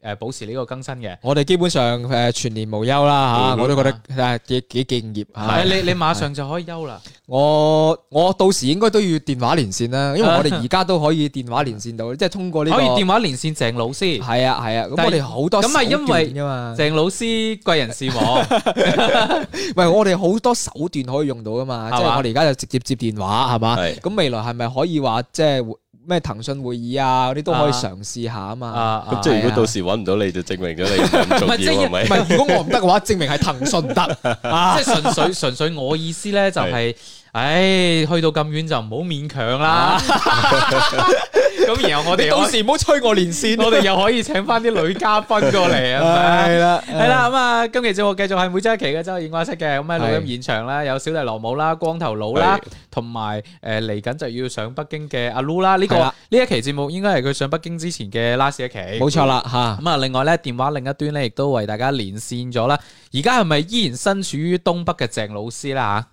誒，保持呢個更新嘅，我哋基本上誒全年無休啦吓，我都覺得誒幾幾敬業。係你你馬上就可以休啦。我我到時應該都要電話連線啦，因為我哋而家都可以電話連線到，即係通過呢個可以電話連線鄭老師。係啊係啊，咁我哋好多咁啊，因為鄭老師貴人事忙，喂我哋好多手段可以用到噶嘛，即係我哋而家就直接接電話，係嘛？咁未來係咪可以話即係？咩騰訊會議啊，嗰啲都可以嘗試下啊嘛。咁、啊啊啊、即係如果到時揾唔到你就證明咗你唔重要，唔係、啊。如果我唔得嘅話， 證明係騰訊得啊。即係純粹 純粹我意思咧，就係。唉，去到咁遠就唔好勉強啦。咁、啊、 然後我哋到時唔好催我連線、啊，我哋又可以請翻啲女嘉賓過嚟，係咪？係啦，係啦。咁啊、嗯，今期節目繼續係每周一期嘅周日映畫室嘅咁喺錄音現場啦，有小弟羅姆啦，光頭佬啦，同埋誒嚟緊就要上北京嘅阿 Lu 啦、這個。呢個呢一期節目應該係佢上北京之前嘅 last 一期，冇錯啦吓。咁、嗯、啊、嗯嗯嗯，另外咧電話另一端咧亦都為大家連線咗啦。而家係咪依然身處於東北嘅鄭老師啦？吓？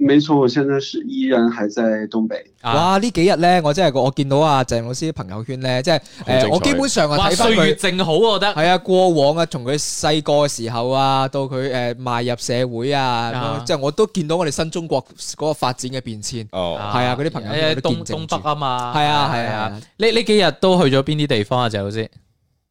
沒錯，我現在是依然還在東北。哇，呢幾日咧，我真係我見到阿鄭老師朋友圈咧，即係誒，我基本上啊睇翻佢歲月靜好，我覺得係啊，過往啊，從佢細個嘅時候啊，到佢誒邁入社會啊，即係我都見到我哋新中國嗰個發展嘅變遷。哦，係啊，嗰啲朋友誒，東東北啊嘛，係啊係啊，呢呢幾日都去咗邊啲地方啊？鄭老師，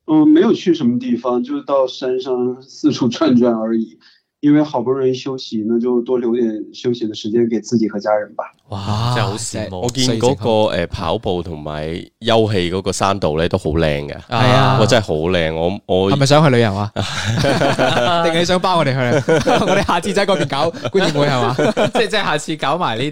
嗯，沒有去什麼地方，就到山上四處轉轉而已。因為好不容易休息，那就多留點休息的時間給自己和家人吧。哇！真係好羨慕。我見嗰個跑步同埋休憩嗰個山道咧，都好靚嘅。係啊，我真係好靚。我我係咪想去旅遊啊？定係你想包我哋去？我哋下次喺嗰邊搞觀影會係嘛？即係即係下次搞埋呢啲，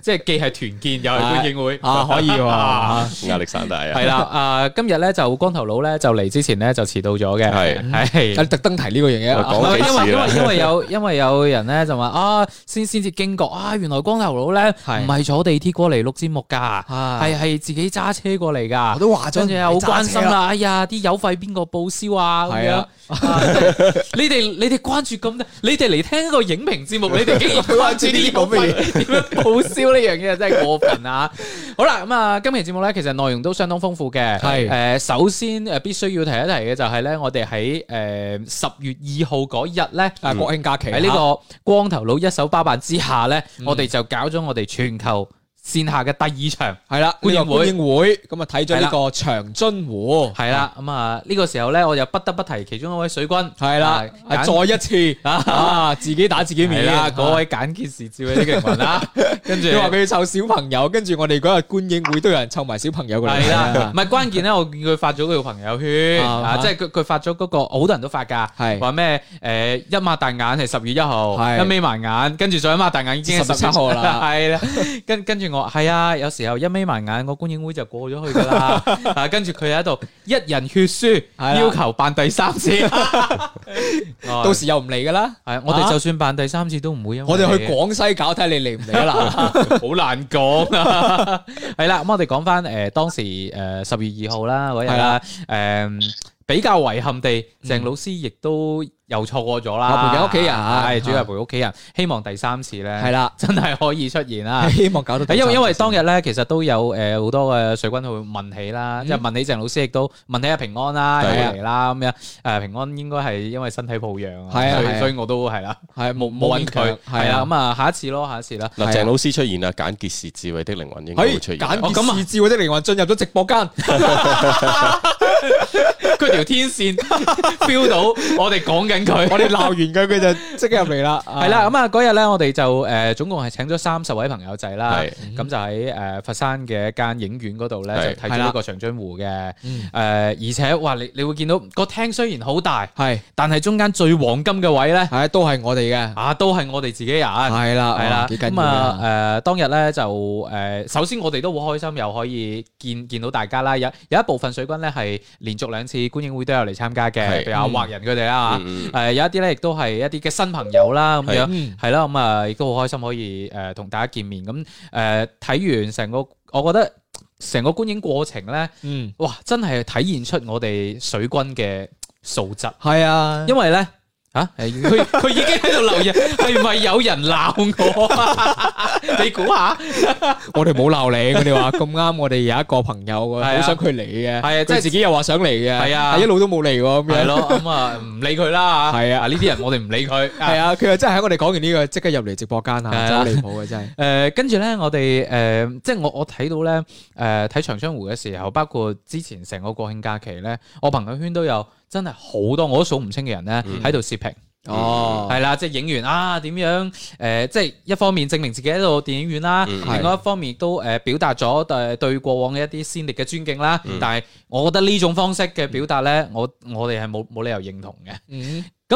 即係既係團建又係觀影會可以喎，壓力山大啊！係啦，誒今日咧就光頭佬咧就嚟之前咧就遲到咗嘅，係係。特登提呢個樣嘢，因為因為有因為有人咧就話啊，先先至驚覺啊，原來光頭佬咧。唔係坐地鐵過嚟錄節目噶，係係自己揸車過嚟噶。我都話咗嘅，好關心啦。哎呀，啲油費邊個報銷啊？咁樣，你哋你哋關注咁多，你哋嚟聽個影評節目，你哋竟然關注啲油費點樣報銷呢樣嘢，真係過分啊！好啦，咁啊，今期節目咧，其實內容都相當豐富嘅。係誒，首先誒，必須要提一提嘅就係咧，我哋喺誒十月二號嗰日咧，啊國慶假期喺呢個光頭佬一手包辦之下咧，我哋就搞咗我哋全球。線下嘅第二場係啦，觀影會，咁啊睇咗呢個長津湖係啦，咁啊呢個時候咧，我就不得不提其中一位水軍係啦，再一次啊自己打自己面啦，嗰位簡潔時照嘅呢個人群啦，跟住佢話佢要湊小朋友，跟住我哋嗰日觀影會都有人湊埋小朋友嘅，係啦，唔係關鍵咧，我見佢發咗佢個朋友圈即係佢佢發咗嗰個好多人都發噶，係話咩誒一擘大眼係十月一號，一眯埋眼，跟住再一擘大眼已經十七號啦，係啦，跟跟住。我係啊，有時候一眯埋眼個觀影會就過咗去噶啦，啊，跟住佢喺度一人血書要求辦第三次，到時又唔嚟噶啦，係我哋就算辦第三次都唔會因為，我哋去廣西搞睇你嚟唔嚟啦，好難講啊，係啦，咁我哋講翻誒當時誒十月二號啦嗰日啦，誒比較遺憾地鄭老師亦都又錯過咗啦！我陪緊屋企人啊，主要係陪屋企人。希望第三次咧，係啦，真係可以出現啦。希望搞到，因為因為當日咧，其實都有誒好多嘅水軍會問起啦，即係問起鄭老師，亦都問起阿平安啦，嚟啦咁樣。誒平安應該係因為身體抱恙啊，所以我都係啦，係冇冇揾佢係啦。咁啊，下一次咯，下一次啦。嗱，鄭老師出現啊，簡潔是智慧的靈魂應該會出現。簡潔是智慧的靈魂進入咗直播間。佢 條天綫飆 到我， 我哋講緊佢， 那那我哋鬧完佢，佢就即刻入嚟啦。係啦，咁啊嗰日咧，我哋就誒，總共係請咗三十位朋友仔啦。咁的就喺誒佛山嘅一間影院嗰度咧，就睇咗呢個長津湖嘅。誒、呃，而且哇，你你會見到個廳雖然好大，係的，但係中間最黃金嘅位咧，係都係我哋嘅，啊，都係我哋自己人。係啦，係啦。咁啊，誒、嗯呃，當日咧就誒，首先我哋都好開心，又可以見見，見到大家啦。有有一部分水軍咧係。連續兩次觀影會都有嚟參加嘅，譬是如阿華人佢哋啦吓，誒、嗯呃、有一啲咧亦都係一啲嘅新朋友啦咁是樣，係啦、嗯，咁啊，亦都好開心可以誒、呃、同大家見面。咁誒睇完成個，我覺得成個觀影過程咧，嗯、哇真係體現出我哋水軍嘅素質。係啊，因為咧。啊！佢佢已經喺度留言，係咪有人鬧我啊？你估下，我哋冇鬧你，我哋話咁啱，我哋有一個朋友，我好想佢嚟嘅，係啊，即係自己又話想嚟嘅，係啊，一路都冇嚟喎，咁樣，係咯，咁啊，唔理佢啦，係啊，呢啲人我哋唔理佢，係啊，佢又真係喺我哋講完呢個，即刻入嚟直播間啊，真係好離譜嘅真係。誒，跟住咧，我哋誒，即係我我睇到咧，誒，睇長津湖嘅時候，包括之前成個國慶假期咧，我朋友圈都有。真係好多我都數唔清嘅人呢喺度視屏。嗯、哦，係啦，即係影完啊，點樣？誒、呃，即係一方面證明自己喺度電影院啦，嗯、另外一方面都誒表達咗誒對過往嘅一啲先烈嘅尊敬啦。嗯、但係我覺得呢種方式嘅表達呢、嗯，我我哋係冇冇理由認同嘅。咁、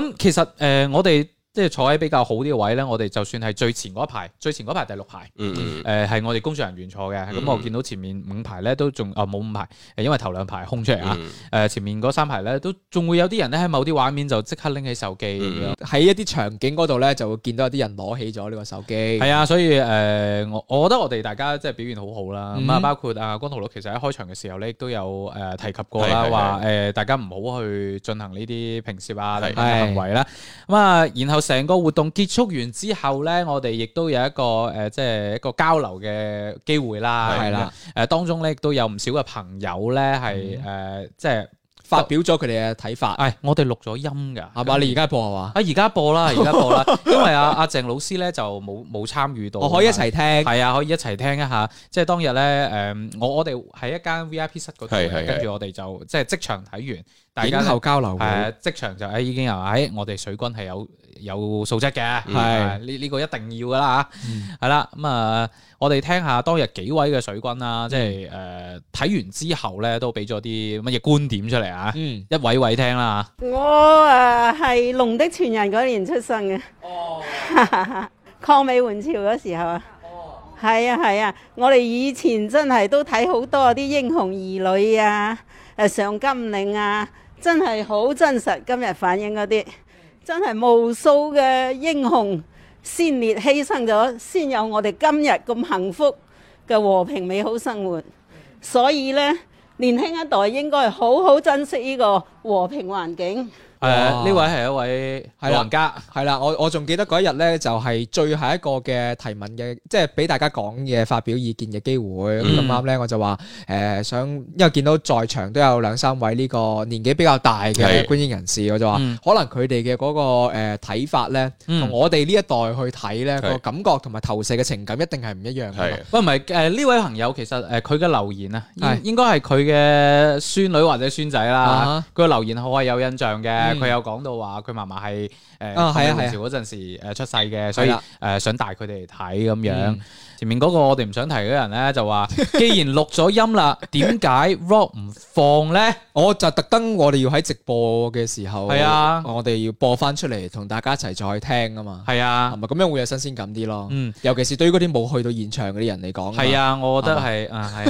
嗯、其實誒、呃，我哋。即係坐喺比較好啲嘅位咧，我哋就算係最前嗰一排，最前嗰排第六排，誒係、嗯嗯呃、我哋工作人員坐嘅。咁我見到前面五排咧都仲啊冇五排，因為頭兩排空出嚟啊。誒、嗯呃、前面嗰三排咧都仲會有啲人咧喺某啲畫面就即刻拎起手機，喺、嗯嗯、一啲場景嗰度咧就會見到有啲人攞起咗呢個手機。係、嗯嗯、啊，所以誒，我、呃、我覺得我哋大家即係表現好好啦。咁啊，包括阿光頭佬，其實喺開場嘅時候咧都有誒提及過啦，話誒的、呃、大家唔好去進行呢啲評蝕啊類型嘅行為啦。咁啊，然後。成個活動結束完之後咧，我哋亦都有一個誒，即係一個交流嘅機會啦，係啦。誒，當中咧亦都有唔少嘅朋友咧，係誒，即係發表咗佢哋嘅睇法。誒，我哋錄咗音噶，係嘛？你而家播係嘛？啊，而家播啦，而家播啦。因為阿阿鄭老師咧就冇冇參與到，我可以一齊聽。係啊，可以一齊聽一下。即係當日咧，誒，我我哋喺一間 VIP 室嗰度，跟住我哋就即係即場睇完，大家交流交流嘅。即場就誒已經有，誒，我哋水軍係有。有素質嘅，係呢呢個一定要噶啦嚇，係啦咁啊，我哋聽下當日幾位嘅水軍啊。嗯、即係誒睇完之後咧都俾咗啲乜嘢觀點出嚟啊，嗯、一位一位聽啦。我誒係龍的傳人嗰年出生嘅。哦哦、 抗美援朝嗰時候啊，係啊係啊，我哋以前真係都睇好多啲英雄兒女啊，誒上甘嶺啊，真係好真實，今日反映嗰啲。真係無數嘅英雄先烈犧牲咗，先有我哋今日咁幸福嘅和平美好生活。所以咧，年輕一代應該好好珍惜呢個和平環境。係呢位係一位老人家，係啦、哦，我我仲記得嗰一日咧，就係最後一個嘅提問嘅，即係俾大家講嘢、發表意見嘅機會咁啱咧，嗯、我就話誒、呃、想，因為見到在場都有兩三位呢個年紀比較大嘅觀影人士，的我就話、嗯、可能佢哋嘅嗰個誒睇、呃、法咧，同我哋呢一代去睇咧、嗯、個感覺同埋投射嘅情感一定係唔一樣嘅。喂，唔係誒呢位朋友，其實誒佢嘅留言啊，係應，的應該係佢嘅孫女或者孫仔啦，佢嘅、啊、留言我係有印象嘅。佢、嗯、有講到話，佢嫲嫲係誒清朝嗰陣時誒出世嘅，啊、所以誒、啊呃、想帶佢哋嚟睇咁樣。嗯。前面嗰個我哋唔想提嘅人咧，就話既然錄咗音啦，點解 rock 唔放咧？ 我就特登我哋要喺直播嘅時候，係啊呀，我哋要播翻出嚟同大家一齊再聽噶嘛，係啊呀，咪咁樣會有新鮮感啲咯。嗯，尤其是對於嗰啲冇去到現場嗰啲人嚟講，係啊，我覺得係吧、嗯、啊，係。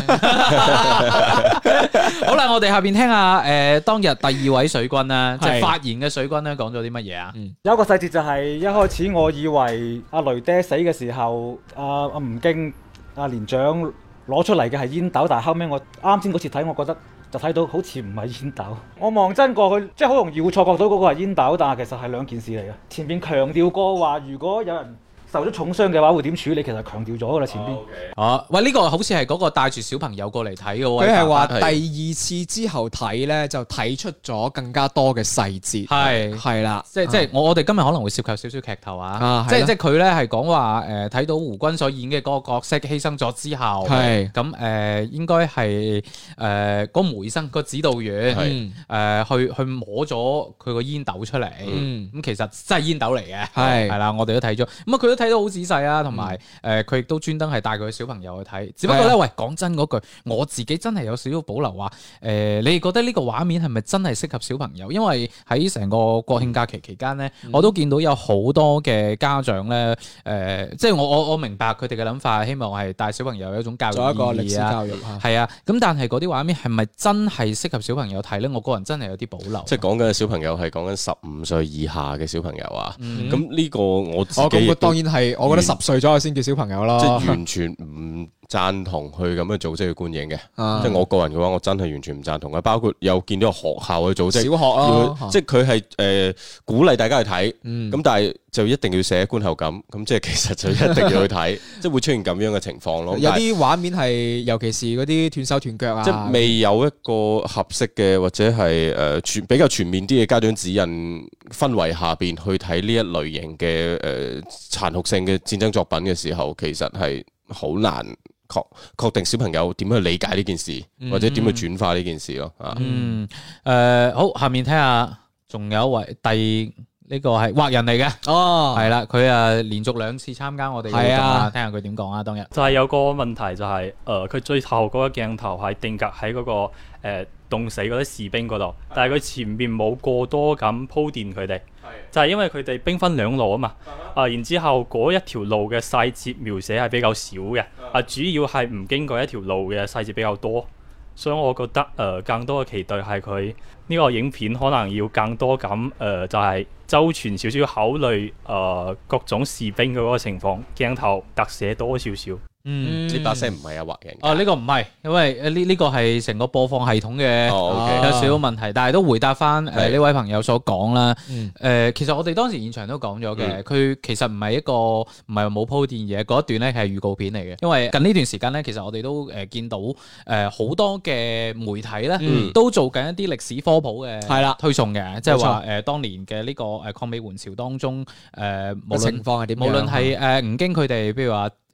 好啦，我哋下邊聽下誒、呃、當日第二位水軍啦，即係發言嘅水軍咧，講咗啲乜嘢啊？ 嗯、有個細節就係、是、一開始我以為阿雷爹死嘅時候，阿、呃、阿、呃呃 勁，阿連長攞出嚟嘅係煙斗，但係後尾我啱先嗰次睇，我覺得就睇到好似唔係煙斗。我望真過去，即係好容易會錯覺到嗰個係煙斗，但係其實係兩件事嚟嘅。前面強調過話，如果有人受咗重傷嘅話會點處理？其實強調咗噶啦，前邊，啊，喂，呢個好似係嗰個帶住小朋友過嚟睇嘅，佢係話第二次之後睇咧，就睇出咗更加多嘅細節，係，係啦，即係即係我我哋今日可能會涉及少少劇透啊。即係即係佢咧係講話誒睇到胡軍所演嘅嗰個角色犧牲咗之後，係，咁誒應該係誒嗰梅生個指導員誒去去摸咗佢個煙斗出嚟。咁其實真係煙斗嚟嘅，係，係啦，我哋都睇咗。咁啊，佢都睇。睇到好仔細啊，同埋誒，佢亦、嗯呃、都專登係帶佢小朋友去睇。只不過咧，是啊、喂，講真嗰句，我自己真係有少少保留話、啊，誒、呃，你哋覺得呢個畫面係咪真係適合小朋友？因為喺成個國慶假期期間咧，嗯、我都見到有好多嘅家長咧，誒、呃，即係我我我明白佢哋嘅諗法，希望係帶小朋友有一種教育、啊，做一個歷史教育吓，係啊。咁、啊啊、但係嗰啲畫面係咪真係適合小朋友睇咧？我個人真係有啲保留、啊。即係講緊小朋友係講緊十五歲以下嘅小朋友啊。咁呢、嗯、個我自己我當然係我覺得十歲左右先叫小朋友咯。即係完全唔是嗯贊同佢咁樣去組織去觀影嘅，啊、即係我個人嘅話，我真係完全唔贊同嘅。包括有見到學校去組織小學、啊、即係佢係誒鼓勵大家去睇，咁、嗯、但係就一定要寫觀後感，咁即係其實就一定要去睇， 即係會出現咁樣嘅情況咯。有啲畫面係，尤其是嗰啲斷手斷腳啊，即係未有一個合適嘅或者係誒、呃、全比較全面啲嘅家長指引氛圍下邊去睇呢一類型嘅誒、呃、殘酷性嘅戰爭作品嘅時候，其實係好難。確確定小朋友點去理解呢件事，嗯、或者點去轉化呢件事咯，啊，嗯，誒、嗯呃，好，下面聽下仲有一位第呢、這個係畫人嚟嘅，哦，係啦，佢誒、啊、連續兩次參加我哋活動啊，聽下佢點講啊，當日就係有個問題就係、是，誒、呃，佢最後嗰個鏡頭係定格喺嗰、那個誒。呃凍死嗰啲士兵嗰度，但係佢前面冇過多咁鋪墊佢哋，就係因為佢哋兵分兩路啊嘛。啊，然之後嗰一條路嘅細節描寫係比較少嘅，啊，主要係唔經過一條路嘅細節比較多，所以我覺得誒、呃，更多嘅期待係佢呢個影片可能要更多咁誒、呃，就係周全少少考慮誒、呃、各種士兵嘅嗰個情況鏡頭特寫多少少。嗯，呢把聲唔係有劃型。哦，呢個唔係，因為誒呢呢個係成個播放系統嘅，有少少問題。但係都回答翻誒呢位朋友所講啦。誒，其實我哋當時現場都講咗嘅，佢其實唔係一個唔係冇鋪墊嘢，嗰一段咧係預告片嚟嘅。因為近呢段時間咧，其實我哋都誒見到誒好多嘅媒體咧都做緊一啲歷史科普嘅，係啦，推送嘅，即係話誒當年嘅呢個誒抗美援朝當中誒，情況係點？無論係誒吳京佢哋，譬如話。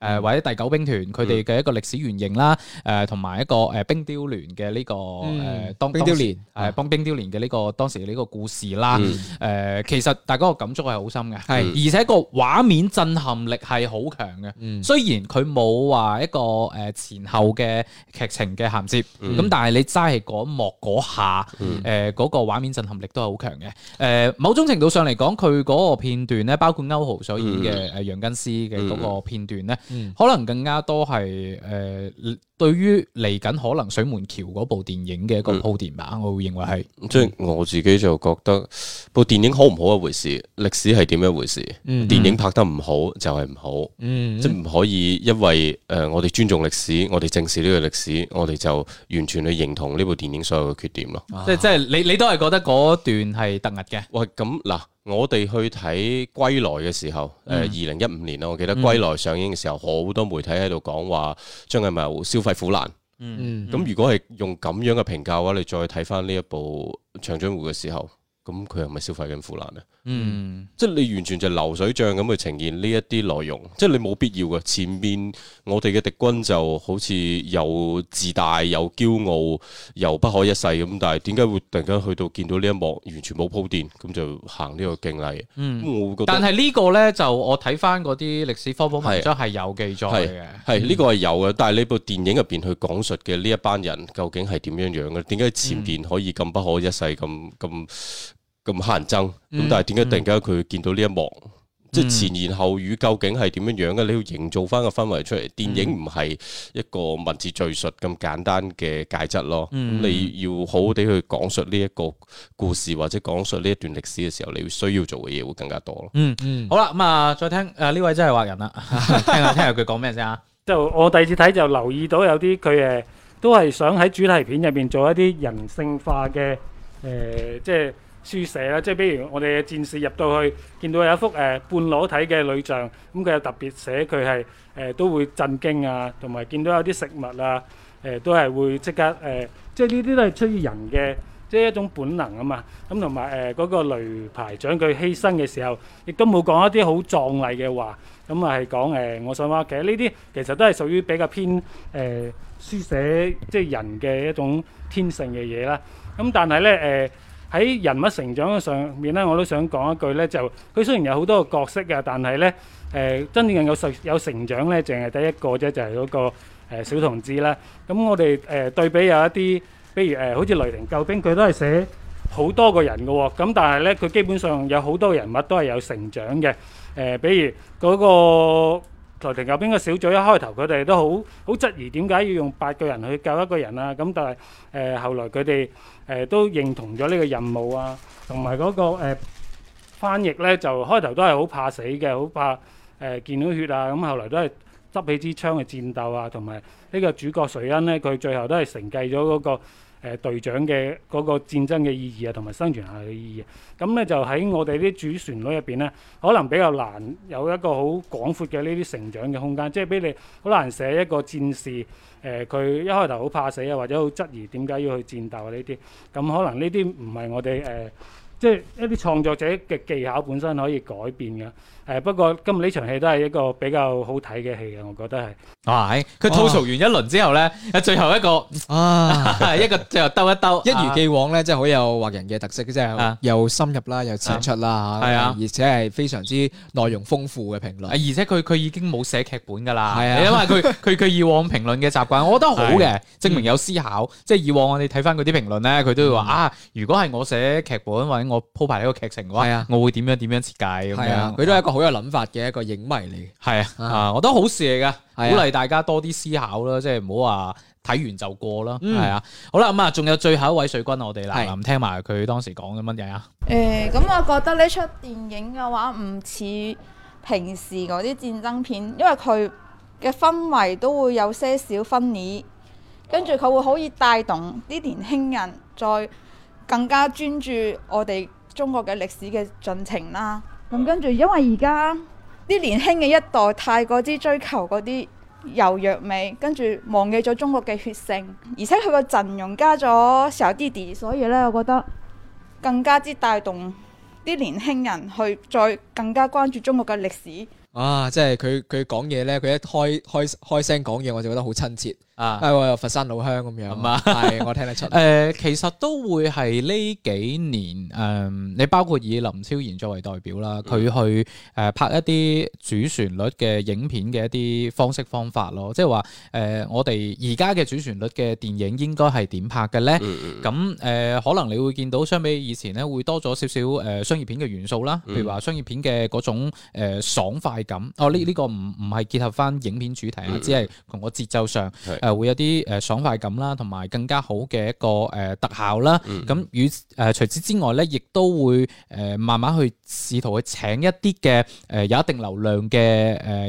誒或者第九兵團佢哋嘅一個歷史原型啦，誒同埋一個誒、呃、冰雕連嘅呢個誒當、嗯呃、冰雕連冰雕連嘅呢個當時呢個故事啦，誒、嗯呃、其實大家個感觸係好深嘅，係、嗯、而且個畫面震撼力係好強嘅，嗯、雖然佢冇話一個誒前後嘅劇情嘅銜接，咁、嗯、但係你齋係嗰幕嗰下，誒嗰、嗯呃嗰個畫面震撼力都係好強嘅，誒、呃、某種程度上嚟講，佢嗰個片段咧，包括歐豪所演嘅誒楊根思嘅嗰個片段咧。嗯嗯嗯、可能更加多係誒、呃，對於嚟緊可能水門橋嗰部電影嘅一個鋪墊吧，嗯、我會認為係即係我自己就覺得部電影好唔好一回事，歷史係點一回事，嗯、電影拍得唔好就係唔好，即係唔可以因為誒、呃、我哋尊重歷史，我哋正視呢個歷史，我哋就完全去認同呢部電影所有嘅缺點咯。啊、即係即係你你都係覺得嗰段係突兀嘅。喂咁嗱。啊啊啊啊我哋去睇《歸來》嘅時候，誒，二零一五年啦，我記得《歸來》上映嘅時候，好多媒體喺度講話張藝謀消費苦難。嗯，咁、嗯嗯、如果係用咁樣嘅評價嘅話，你再睇翻呢一部《長津湖》嘅時候，咁佢係咪消費緊苦難咧？嗯，即係你完全就流水賬咁去呈現呢一啲內容，即係你冇必要嘅。前面我哋嘅敵軍就好似又自大又驕傲又不可一世咁，但係點解會突然間去到見到呢一幕完全冇鋪墊，咁就行呢個敬禮。嗯嗯、但係呢個呢，就我睇翻嗰啲歷史科普文章係有記載嘅，係呢、這個係有嘅。但係呢部電影入邊去講述嘅呢一班人究竟係點樣樣嘅？點解前邊可以咁不可一世咁咁？嗯咁黑人憎，咁，嗯、但係點解突然間佢見到呢一幕？嗯、即係前言後語究竟係點樣樣嘅？你要營造翻個氛圍出嚟。電影唔係一個文字敘述咁簡單嘅介質咯。咁、嗯、你要好好地去講述呢一個故事或者講述呢一段歷史嘅時候，你要需要做嘅嘢會更加多咯、嗯。嗯嗯，好啦，咁啊，再聽誒呢、呃、位真係話人啦， 聽下聽下佢講咩先啊？ 就我第二次睇就留意到有啲佢誒都係想喺主題片入邊做一啲人性化嘅誒、呃，即係。書寫啦，即係比如我哋嘅戰士入到去，見到有一幅誒、呃、半裸體嘅女像，咁、嗯、佢有特別寫佢係誒都會震驚啊，同埋見到有啲食物啊，誒、呃、都係會即刻誒、呃，即係呢啲都係出於人嘅，即係一種本能啊嘛。咁同埋誒嗰個雷排長佢犧牲嘅時候，亦都冇講一啲好壯麗嘅話，咁啊係講誒，我想話其實呢啲其實都係屬於比較偏誒、呃、書寫，即係人嘅一種天性嘅嘢啦。咁、嗯、但係咧誒。呃呃喺人物成長嘅上面咧，我都想講一句咧，就佢雖然有好多個角色嘅，但係咧，誒真正有成有成長咧，淨係第一個啫，就係嗰個誒小同志啦。咁我哋誒對比有一啲，比如誒好似雷霆救兵，佢都係寫好多個人嘅喎。咁但係咧，佢基本上有好多人物都係有成長嘅。誒，比如嗰個雷霆救兵嘅小組，一開頭佢哋都好好質疑點解要用八個人去救一個人啊？咁但係誒後來佢哋。誒、呃、都認同咗呢個任務啊，同埋嗰個誒、呃、翻譯咧，就開頭都係好怕死嘅，好怕誒、呃、見到血啊，咁後嚟都係執起支槍去戰鬥啊，同埋呢個主角瑞恩咧，佢最後都係承繼咗嗰個。誒、呃、隊長嘅嗰個戰爭嘅意義啊，同埋生存下嘅意義啊，咁、嗯、咧就喺我哋啲主旋律入邊咧，可能比較難有一個好廣闊嘅呢啲成長嘅空間，即係俾你好難寫一個戰士誒，佢、呃、一開頭好怕死啊，或者好質疑點解要去戰鬥啊呢啲，咁、嗯、可能呢啲唔係我哋誒。呃即係一啲創作者嘅技巧本身可以改變嘅，誒不過今日呢場戲都係一個比較好睇嘅戲嘅，我覺得係。啊，佢吐槽完一輪之後咧，最後一個啊 一個最後兜一兜，啊、一如既往咧，即係好有畫人嘅特色，即係又深入啦，又淺出啦嚇，啊，而且係非常之內容豐富嘅評論。啊啊、而且佢佢已經冇寫劇本㗎啦，係啊，因為佢佢佢以往評論嘅習慣，我覺得好嘅，啊嗯、證明有思考。即係以往我哋睇翻佢啲評論咧，佢都會話啊，如果係我寫劇本或我鋪排呢個劇情嘅話，我會點樣點樣設計咁樣？佢都係一個好有諗法嘅一個影迷嚟。係啊，啊，我都好事嚟噶，啊、鼓勵大家多啲思考啦，即係唔好話睇完就過啦。係、嗯、啊，好啦，咁啊，仲有最後一位水軍，我哋林林聽埋佢當時講嘅乜嘢啊？誒、呃、咁、嗯、我覺得呢出電影嘅話，唔似平時嗰啲戰爭片，因為佢嘅氛圍都會有些少分野，跟住佢會可以帶動啲年輕人再。更加專注我哋中國嘅歷史嘅進程啦。咁、嗯、跟住，因為而家啲年輕嘅一代太過之追求嗰啲柔弱美，跟住忘記咗中國嘅血性，而且佢個陣容加咗小弟弟，所以呢，我覺得更加之帶動啲年輕人去再更加關注中國嘅歷史。啊！即係佢佢講嘢呢，佢一開開開聲講嘢，我就覺得好親切。啊！我、哎、佛山老鄉咁樣，係我聽得出。誒、 呃，其實都會係呢幾年，誒、呃，你包括以林超賢作為代表啦，佢、嗯、去誒、呃、拍一啲主旋律嘅影片嘅一啲方式方法咯。即係話，誒、呃，我哋而家嘅主旋律嘅電影應該係點拍嘅咧？咁誒、嗯嗯呃，可能你會見到相比以前咧，會多咗少少誒商業片嘅元素啦，譬如話商業片嘅嗰種誒爽快感。嗯、哦，呢、這、呢個唔唔係結合翻影片主題啊，嗯、只係同個節奏上。是就會有啲誒爽快感啦，同埋更加好嘅一個誒特效啦。咁與誒除此之外咧，亦都會誒慢慢去試圖去請一啲嘅誒有一定流量嘅誒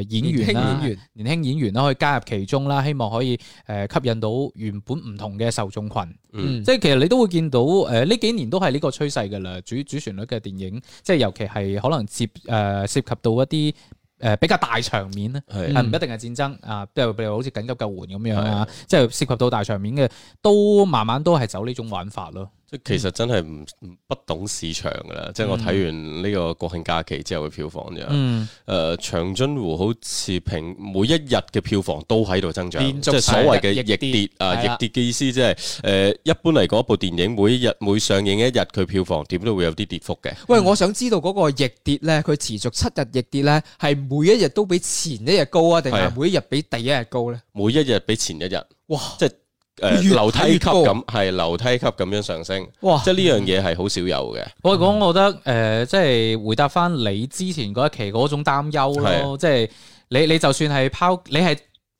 演員啦，年輕演員啦，啊、演員可以加入其中啦。希望可以誒吸引到原本唔同嘅受眾群。嗯，即係其實你都會見到誒呢、呃、幾年都係呢個趨勢噶啦。主主旋律嘅電影，即係尤其係可能接誒、呃、涉及到一啲。誒比較大場面咧，係唔的一定係戰爭啊，即係譬如好似緊急救援咁樣啊，即係的涉及到大場面嘅，都慢慢都係走呢種玩法咯。其實真係唔唔不懂市場㗎喇，嗯、即係我睇完呢個國慶假期之後嘅票房啫。誒、嗯呃，長津湖好似平每一日嘅票房都喺度增長，軸即係所謂嘅逆跌啊，逆跌嘅意思即係誒，一般嚟講部電影每一日每上映一日佢票房點都會有啲跌幅嘅。喂，我想知道嗰個逆跌咧，佢持續七日逆跌咧，係每一日都比前一日高啊，定係每一日比第一日高咧？每一日比前一日。哇！即係。誒，樓、呃、越梯級咁係樓梯級咁樣上升，哇！即係呢樣嘢係好少有嘅。我講、嗯、我覺得誒、呃，即係回答翻你之前嗰一期嗰種擔憂咯，即係、啊、你你就算係拋，你係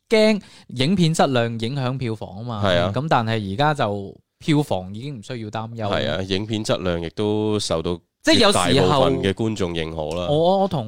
驚影片質量影響票房啊嘛。係啊，咁但係而家就票房已經唔需要擔憂。係啊，影片質量亦都受到。即係有時候嘅觀眾認可啦。我同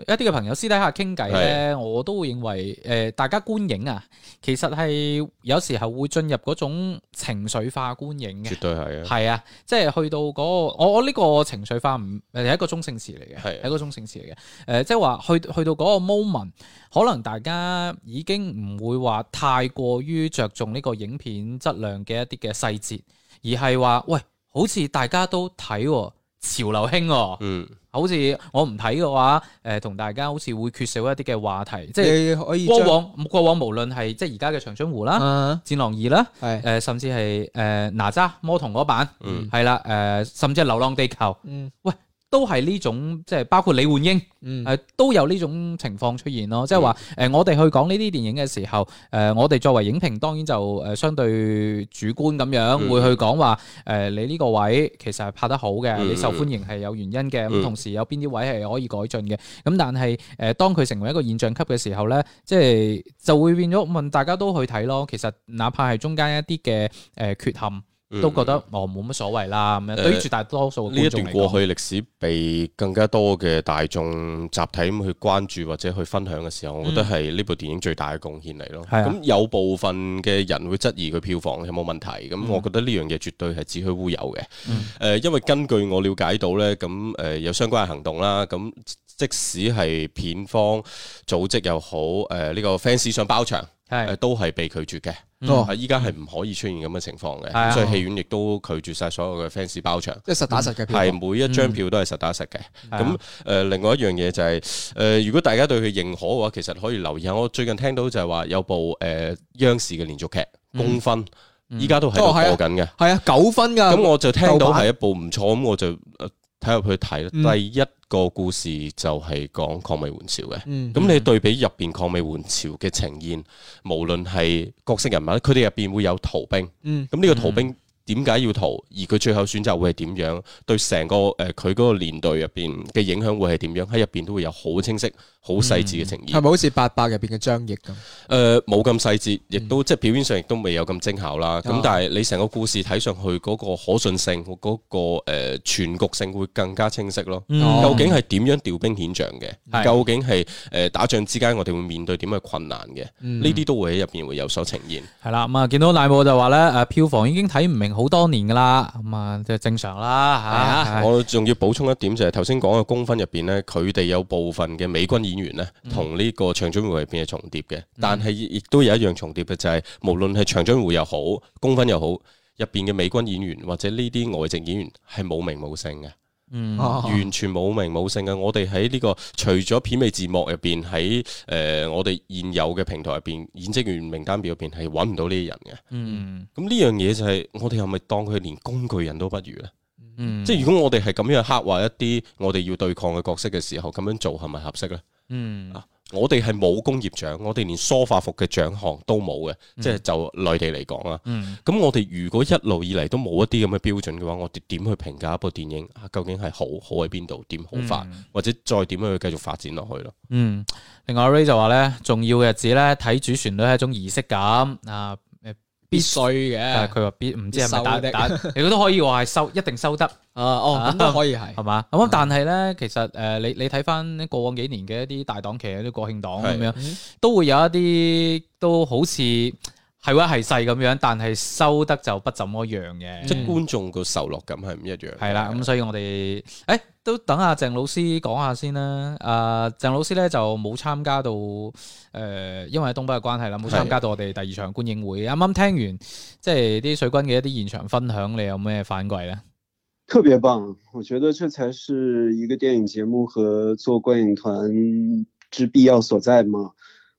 一啲嘅朋友私底下傾偈咧，是的 我都會認為誒、呃，大家觀影啊,其實係有時候會進入嗰種情緒化觀影嘅。絕對係啊，係啊，即係去到嗰、嗰個我我呢個情緒化唔誒係一個中性詞嚟嘅，係是的 一個中性詞嚟嘅。誒、呃，即係話去去到嗰個 moment，可能大家已經唔會話太過於着重呢個影片質量嘅一啲嘅細節，而係話喂，好似大家都睇、啊。潮流興喎、哦，嗯、好似我唔睇嘅話，誒、呃、同大家好似會缺少一啲嘅話題，即係過往過往無論係即係而家嘅長津湖啦、嗯、戰狼二啦，係誒是、呃、甚至係誒、呃、哪吒魔童嗰版，係、嗯、啦誒、呃、甚至係流浪地球，嗯、喂。都係呢種即係包括李煥英，誒、嗯、都有呢種情況出現咯，即係話誒我哋去講呢啲電影嘅時候，誒、呃、我哋作為影評，當然就誒相對主觀咁樣、嗯、會去講話，誒、呃、你呢個位其實係拍得好嘅，嗯、你受歡迎係有原因嘅，咁、嗯、同時有邊啲位係可以改進嘅，咁但係誒、呃、當佢成為一個現象級嘅時候呢，即、就、係、是、就會變咗，問大家都去睇咯，其實哪怕係中間一啲嘅誒缺陷。都覺得哦冇乜所謂啦咁樣，呃、對於絕大多數觀眾呢一段過去歷史被更加多嘅大眾集體去關注或者去分享嘅時候，嗯、我覺得係呢部電影最大嘅貢獻嚟咯。咁是、啊、有部分嘅人會質疑佢票房有冇問題？咁我覺得呢樣嘢絕對係子虛烏有嘅。誒、嗯呃，因為根據我了解到咧，咁誒、呃、有相關嘅行動啦，咁即使係片方組織又好，誒、呃、呢、這個 fans 想包場，係、呃、都係被拒絕嘅。哦，依家係唔可以出現咁嘅情況嘅，嗯、所以戲院亦都拒絕晒所有嘅 fans 包場。即係實打實嘅票，係每一張票都係實打實嘅。咁誒、嗯呃，另外一樣嘢就係、是、誒、呃，如果大家對佢認可嘅話，其實可以留意下。我最近聽到就係話有部誒、呃、央視嘅連續劇《公分》嗯，依家都喺度播緊嘅。係啊、嗯，九分㗎。咁我就聽到係一部唔錯，咁我就睇入去睇第一個故事就係講抗美援朝嘅。咁、嗯、你對比入邊抗美援朝嘅呈現，嗯、無論係角色人物，佢哋入邊會有逃兵。咁呢、嗯、個逃兵點解要逃？而佢最後選擇會係點樣？對成個誒佢嗰個年代入邊嘅影響會係點樣？喺入邊都會有好清晰。好細緻嘅呈現係咪好似八佰入邊嘅張譯咁？誒冇咁細緻，亦都即係、嗯、表面上亦都未有咁精巧啦。咁、哦、但係你成個故事睇上去嗰、那個可信性，嗰、那個、呃、全局性會更加清晰咯。嗯、究竟係點樣調兵遣將嘅？哦、究竟係誒、呃、打仗之間我哋會面對點嘅困難嘅？呢啲是都會喺入邊會有所呈現。係啦、嗯，咁啊、嗯、見到賴報就話咧誒票房已經睇唔明好多年㗎啦，咁啊即係正常啦嚇。我仲要補充一點就係頭先講嘅功勳入邊咧，佢哋有部分嘅美軍演員咧，同呢個長津湖入邊係重疊嘅，嗯、但係亦都有一樣重疊嘅就係、是，無論係長津湖又好，公分又好，入邊嘅美軍演員或者呢啲外籍演員係冇名冇姓嘅，嗯，完全冇名冇姓嘅。我哋喺呢個除咗片尾字幕入邊，喺誒、呃、我哋現有嘅平台入邊，演職員名單表入邊係揾唔到呢啲人嘅。嗯，咁呢樣嘢就係、是、我哋係咪當佢連工具人都不如咧？嗯、即係如果我哋係咁樣刻畫一啲我哋要對抗嘅角色嘅時候，咁樣做係咪合適咧？嗯啊，我哋係冇工業獎，我哋連梳化服嘅獎項都冇嘅，嗯、即係就內地嚟講啦。咁、嗯、我哋如果一路以嚟都冇一啲咁嘅標準嘅話，我哋點去評價一部電影啊？究竟係好，好喺邊度？點好法？嗯、或者再點樣去繼續發展落去咯？嗯，另外阿 Ray 就話咧，重要嘅日子咧，睇主旋律係一種儀式感啊。嗯必須嘅，佢話必唔知係咪得，你 都可以話係收，一定收得。啊哦，哦可以係，係嘛，咁但係咧，其實誒、呃，你你睇翻過往幾年嘅一啲大檔期，啲國慶檔咁樣，嗯、哼都會有一啲都好似。係喎係細咁樣，但係收得就不怎麼樣嘅。嗯、即觀眾個受落感係唔一樣。係啦、嗯，咁所以我哋誒、欸、都等阿鄭老師講下先啦。阿、呃、鄭老師咧就冇參加到誒、呃，因為喺東北嘅關係啦，冇參加到我哋第二場觀影會。啱啱是的 聽完即係啲水軍嘅一啲現場分享，你有咩反饋咧？特別棒，我覺得這才是一個電影節目和做觀影團之必要所在嘛。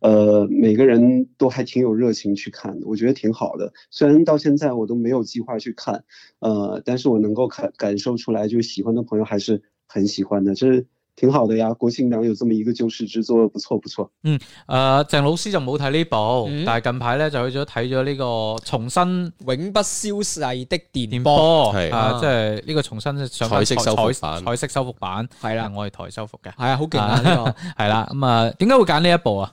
誒、呃，每個人都還挺有熱情去看的，我覺得挺好的。雖然到現在我都沒有計劃去看，誒，但是我能夠感感受出來，就喜歡的朋友還是很喜歡的，真係挺好的呀。國慶檔有這麼一個救市之作，不錯不錯。嗯，誒、呃，鄭老師就冇睇呢部，嗯、但係近排咧就去咗睇咗呢個《重新永不消逝的電波》ouais，係啊，即係呢個重新上色彩色彩色修復版，係啦，我係台修復嘅，係啊，好勁啊呢個，係啦，咁啊，點解會揀呢一部啊？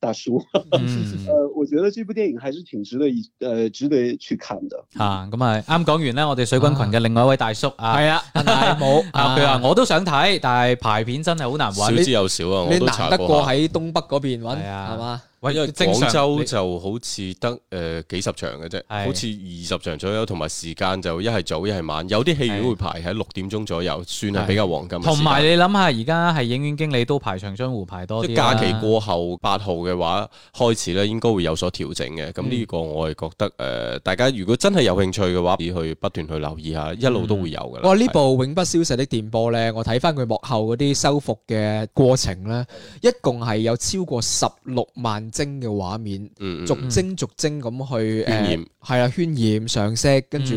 大叔，我覺得這部電影還是挺值得，呃，值得去看的。吓，咁啊，啱講完呢，我哋水軍群嘅另外一位大叔啊，係啊，冇啊，佢話我都想睇，但係排片真係好難搵，少之又少啊，我都查得過喺東北嗰邊搵係啊，係嘛？因為廣州就好似得，誒，幾十場嘅啫，好似二十場左右，同埋時間就一係早一係晚，有啲戲院會排喺六點鐘左右，算係比較黃金。同埋你諗下，而家係影院經理都排長津湖排多啲，即假期過後八號嘅話開始咧，應該會有所調整嘅。咁呢個我係覺得，誒、呃，大家如果真係有興趣嘅話，可以去不斷去留意下，一路都會有嘅。哇、嗯！呢的、哦、部《永不消逝的電波》咧，我睇翻佢幕後嗰啲修復嘅過程咧，一共係有超過十六萬幀嘅畫面，逐幀逐幀咁去，係啦、嗯，渲染上色，跟住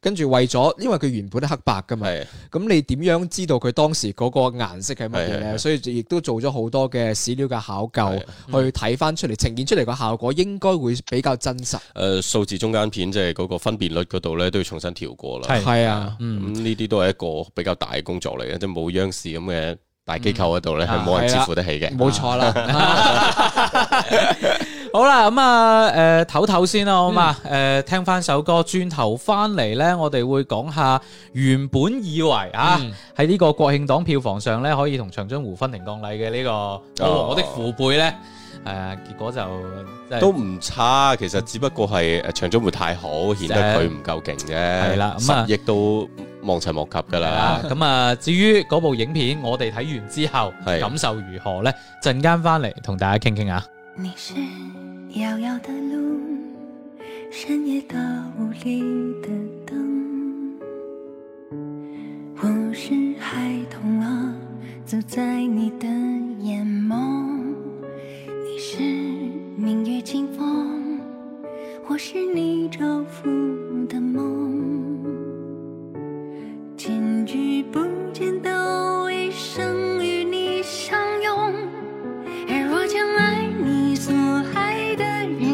跟住為咗，因為佢原本都黑白㗎嘛，咁、嗯、的你點樣知道佢當時嗰個顏色係乜嘢咧？所以亦都做咗好多嘅史料嘅考究去。睇翻出嚟呈現出嚟個效果應該會比較真實。誒、呃，數字中間片即係嗰個分辨率嗰度咧，都要重新調過啦。係啊的，咁呢啲都係一個比較大嘅工作嚟嘅，即係冇央視咁嘅大機構嗰度咧，係冇人支付得起嘅。冇錯、啊啊、啦。 好啦，咁、嗯、啊，誒，唞唞先啦，好嘛？誒，聽翻首歌，轉頭翻嚟咧，我哋會講下原本以為啊，喺呢個國慶檔票房上咧，可以同《長津湖》分庭抗禮嘅呢個《我、哦、和我的父輩》咧。係啊，結果就都唔差，其實只不過係長津湖太好，顯是得佢唔夠勁啫。係啦，咁、嗯、啊，亦都望塵莫及噶啦。咁、嗯、啊， 至於嗰部影片，我哋睇完之後的感受如何呢？陣間翻嚟，同大家傾傾啊。你你是遙遙的路，深夜到無的燈，我是孩童、啊，走在你的眼眸。」你是明月清風，我是你照拂的夢。見與不見，都一生與你相擁。而我將愛你所愛的人。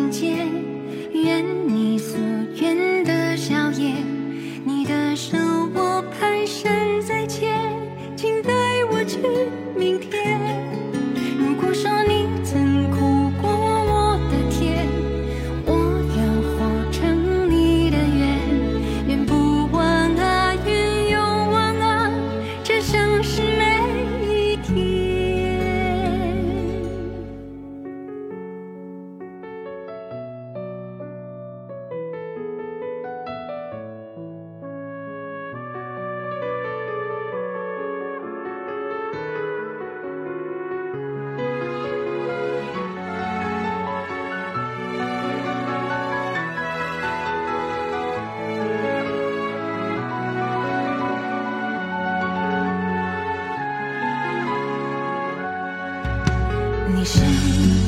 你是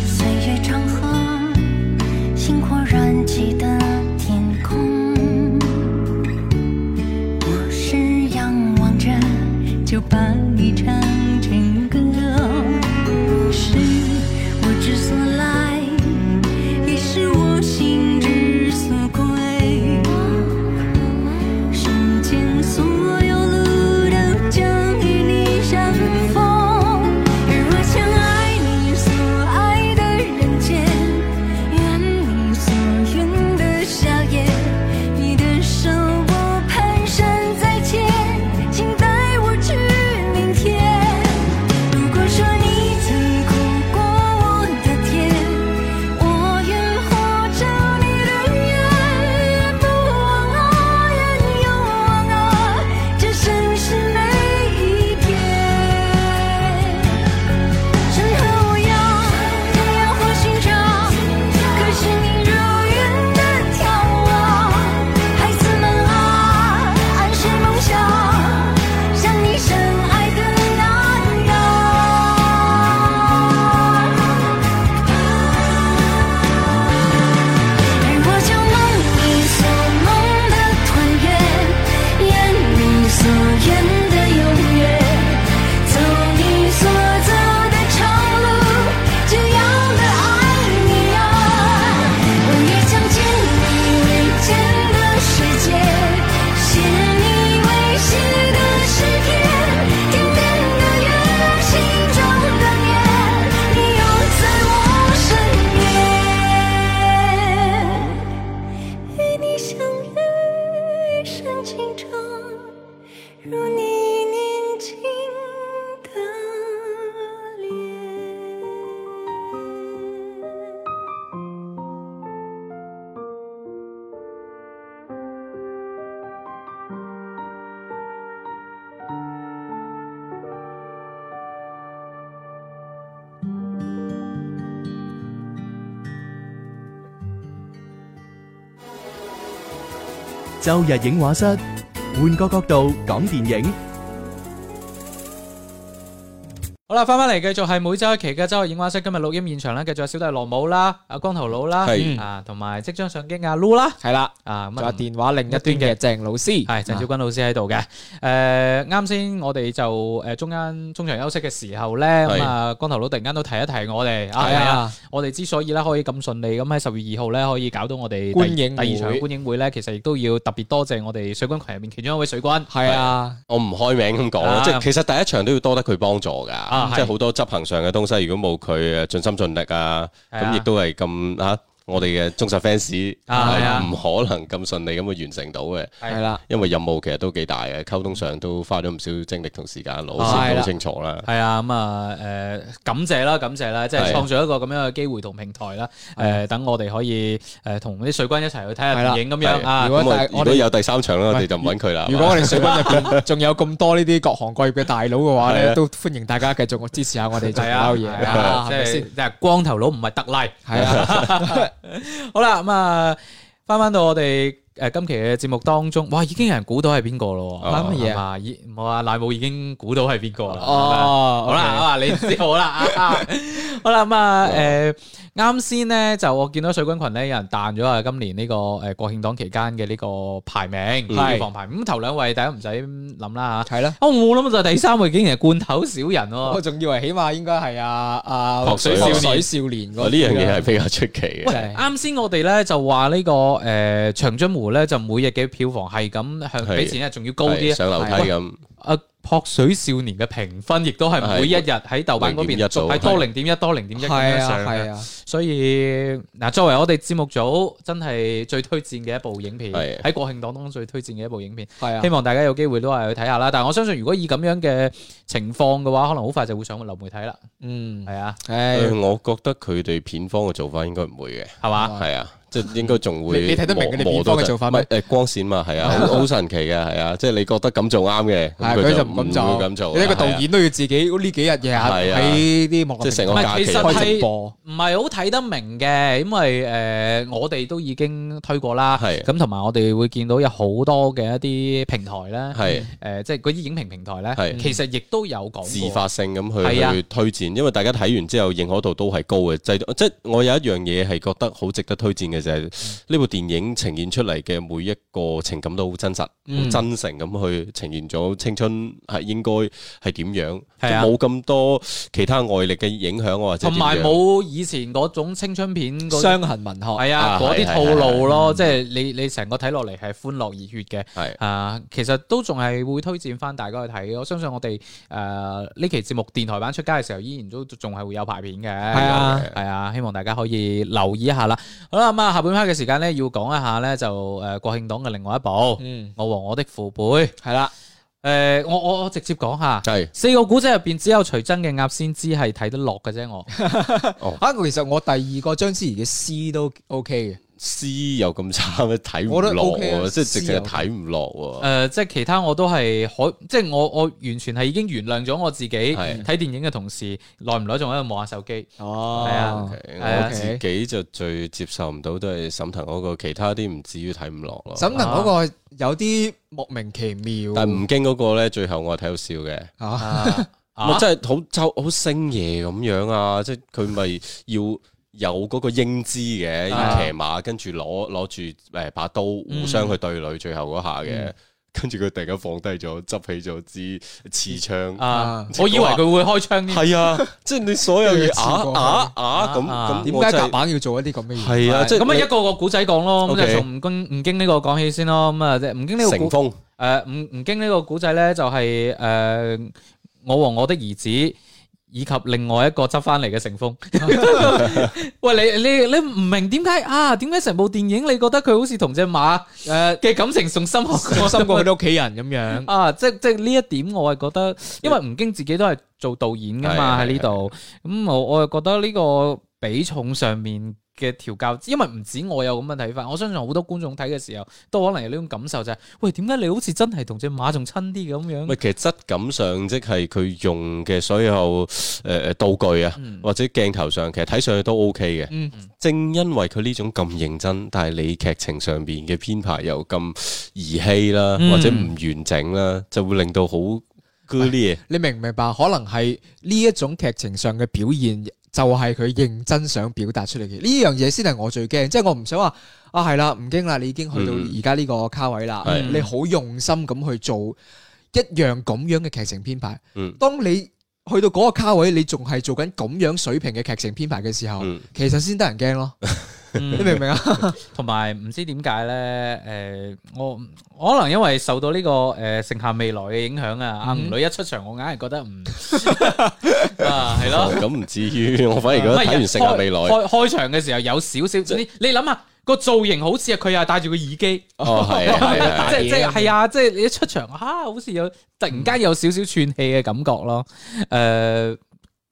歲月長河。周日映畫室，換個角度講電影。好啦，翻翻嚟繼續係每周一期嘅周日映畫室。今日錄音現場咧，繼續有小弟羅武啦，阿光頭佬啦，啊，同埋即將上機阿 Lu 啦，係啦，啊，就電話另一端嘅鄭老師，係鄭小軍老師喺度嘅。誒，啱先我哋就誒中間中場休息嘅時候咧，咁啊，光頭佬突然間都提一提我哋，係啊，我哋之所以咧可以咁順利，咁喺十月二號咧可以搞到我哋觀影第二場觀影會咧，其實亦都要特別多謝我哋水軍群入面其中一位水軍，係啊，我唔開名咁講，即係其實第一場都要多得佢幫助噶。嗯、即係好多執行上嘅東西，如果冇佢誒盡心盡力啊，咁亦的都係咁吓。我哋嘅忠實 fans 係唔可能咁順利咁去完成到嘅，係啦，因為任務其實都幾大嘅，溝通上都花咗唔少精力同時間，老師都好清楚啦。係啊，咁啊誒，感謝啦，感謝啦，即係創造一個咁樣嘅機會同平台啦。誒，等我哋可以誒同啲水軍一齊去睇下電影咁樣。如果我哋有第三場啦，我哋就唔揾佢啦。如果我哋水軍入邊仲有咁多呢啲各行各業嘅大佬嘅話咧，都歡迎大家繼續支持下我哋做嘢啊，係咪先？係光頭佬唔係特拉，係啊。 好啦，咁、嗯、啊，翻翻到我哋誒、呃、今期嘅節目當中，哇，已經有人估到係邊個咯，啱唔啱啊？唔係啊，賴冇已經估到係邊個啦。哦，好啦，啊，你唔知我啦 好啦，咁啊，誒啱先咧，就我見到水軍群咧，有人彈咗啊，今年呢個誒國慶檔期間嘅呢個排名票房排，咁頭兩位大家唔使諗啦嚇，係啦，我冇諗就第三位竟然係罐頭小人喎，我仲以為起碼應該係阿阿撲水少年嗰，呢樣嘢係比較出奇嘅。啱先我哋咧就話呢個誒長津湖咧就每日嘅票房係咁向比前日仲要高啲，上樓梯咁。撲水少年嘅評分亦都係每一日喺豆瓣嗰邊續多零點一多零點一上嘅，啊啊、所以嗱作為我哋節目組真係最推薦嘅一部影片，喺、啊、國慶檔當中最推薦嘅一部影片，係、啊、希望大家有機會都係去睇下啦。但係我相信如果以咁樣嘅情況嘅話，可能好快就會上流媒體啦。嗯，係啊，誒、啊啊呃，我覺得佢哋片方嘅做法應該唔會嘅，係嘛？係啊。即係應該仲會，你睇得明佢哋片方嘅做法。唔係誒光線嘛，係啊，好神奇嘅，係啊，即係你覺得咁做啱嘅，係佢就唔會咁做。你一個導演都要自己呢幾日嘢喺啲莫林明，唔係其實係唔係好睇得明嘅，因為誒我哋都已經推過啦。咁同埋我哋會見到有好多嘅一啲平台咧，係誒即係嗰啲影評平台咧，其實亦都有講。自發性咁去去推薦，因為大家睇完之後認可度都係高嘅。制度。即係我有一樣嘢係覺得好值得推薦嘅。就係呢部電影呈現出嚟，嘅每一個情感都好真實、好真誠咁去呈現咗青春係應該係點樣，即係冇咁多其他外力嘅影響，或者同埋冇以前嗰種青春片傷痕文學係啊嗰啲套路咯，即係你你成個睇落嚟係歡樂熱血嘅係啊，其實都仲係會推薦翻大家去睇，我相信我哋誒呢期節目電台版出街嘅時候依然都仲係會有排片嘅係啊係啊，希望大家可以留意一下啦。好啦，阿媽。下半 part 嘅時間咧，要講一下咧就誒，國慶檔嘅另外一部《嗯、我和我的父輩》係啦的。誒、呃，我我直接講吓，的四個古仔入邊只有徐崢嘅鴨先知係睇得落嘅啫。我啊， 哦、其實我第二個章子怡嘅詩都 OK 嘅。詩又咁差咩？睇唔落喎，即係直直係睇唔落喎。誒，即係其他我都係可，即係我我完全係已經原諒咗我自己、嗯。睇電影嘅同事。耐唔耐仲喺度望下手機。哦，係啊，okay 啊 okay、我自己就最接受唔到，都係沈騰嗰、嗰個，其他啲唔至於睇唔落咯。沈騰嗰個有啲莫名其妙、啊。但係吳京嗰個咧，最後我係睇到笑嘅。我真係好抽，好星爺咁樣啊！啊啊樣即係佢咪要。 有嗰個英姿嘅騎馬，跟住攞攞住誒把刀互相去對壘，最後嗰下嘅，跟住佢突然間放低咗、嗯，執起咗支刺槍啊！我以為佢會開槍添，係 啊，即、就、係、是、你所有嘢啊啊啊！咁咁點解夾板要做一啲咁嘅嘢？係啊，即係咁啊，一個個古仔講咯，咁就從吳京吳京呢個講起先咯。咁啊，即係吳京呢個乘風誒，吳吳京呢個古仔咧就係誒，我和我的兒子。以及另外一個執翻嚟嘅乘風，餵你你你唔明點解啊？點解成部電影你覺得佢好似同隻馬誒嘅、呃、感情仲深，深過佢哋屋企人咁樣 啊？即即呢一點我係覺得，因為吳京自己都係做導演噶嘛喺呢度，咁對我我又覺得呢個比重上面。嘅調教，因為唔止我有咁嘅睇法，我相信好多觀眾睇嘅時候，都可能有呢種感受就係、是，喂，點解你好似真係同隻馬仲親啲咁樣？喂，其實質感上即係佢用嘅所有誒誒、呃、道具啊，嗯、或者鏡頭上，其實睇上去都 OK 嘅。嗯嗯、正因為佢呢種咁認真，但係你劇情上邊嘅編排又咁兒戲啦，嗯、或者唔完整啦，就會令到好嗰啲嘢。喂你明唔明白？可能係呢一種劇情上嘅表現。就係佢認真想表達出嚟嘅呢樣嘢先係我最驚，即係我唔想話啊係啦，唔驚啦，你已經去到而家呢個卡位啦，嗯、你好用心咁去做一樣咁樣嘅劇情編排。嗯、當你去到嗰個卡位，你仲係做緊咁樣水平嘅劇情編排嘅時候，嗯、其實先得人驚咯。 你明唔明啊？同埋唔知點解咧？誒，我可能因為受到呢個誒《盛夏未來》嘅影響啊！阿吳女一出場，我硬係覺得唔啊，係咯？咁唔至於，我反而覺得睇完《盛夏未來》開開場嘅時候有少少，你諗下個造型好似佢又戴住個耳機哦，係即係即係係啊，即係你一出場吓，好似有突然間有少少串氣嘅感覺咯，誒。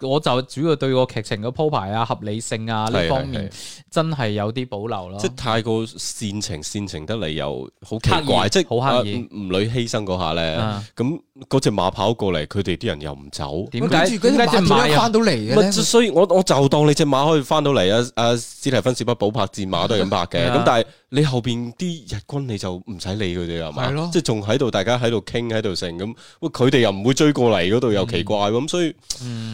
我就主要對個劇情嘅鋪排啊、合理性啊呢方面，真係有啲保留咯。即係太過煽情，煽情得嚟又好奇怪，即係好刻意。唔女犧牲嗰下咧，咁嗰隻馬跑過嚟，佢哋啲人又唔走，點解？點解隻馬又翻到嚟嘅咧？所以，我我就當你隻馬可以翻到嚟啊！啊！史提芬史匹堡拍戰馬都係咁拍嘅，咁但係你後邊啲日軍你就唔使理佢哋啊嘛。係咯，即係仲喺度，大家喺度傾喺度成咁，佢哋又唔會追過嚟嗰度，又奇怪咁，所以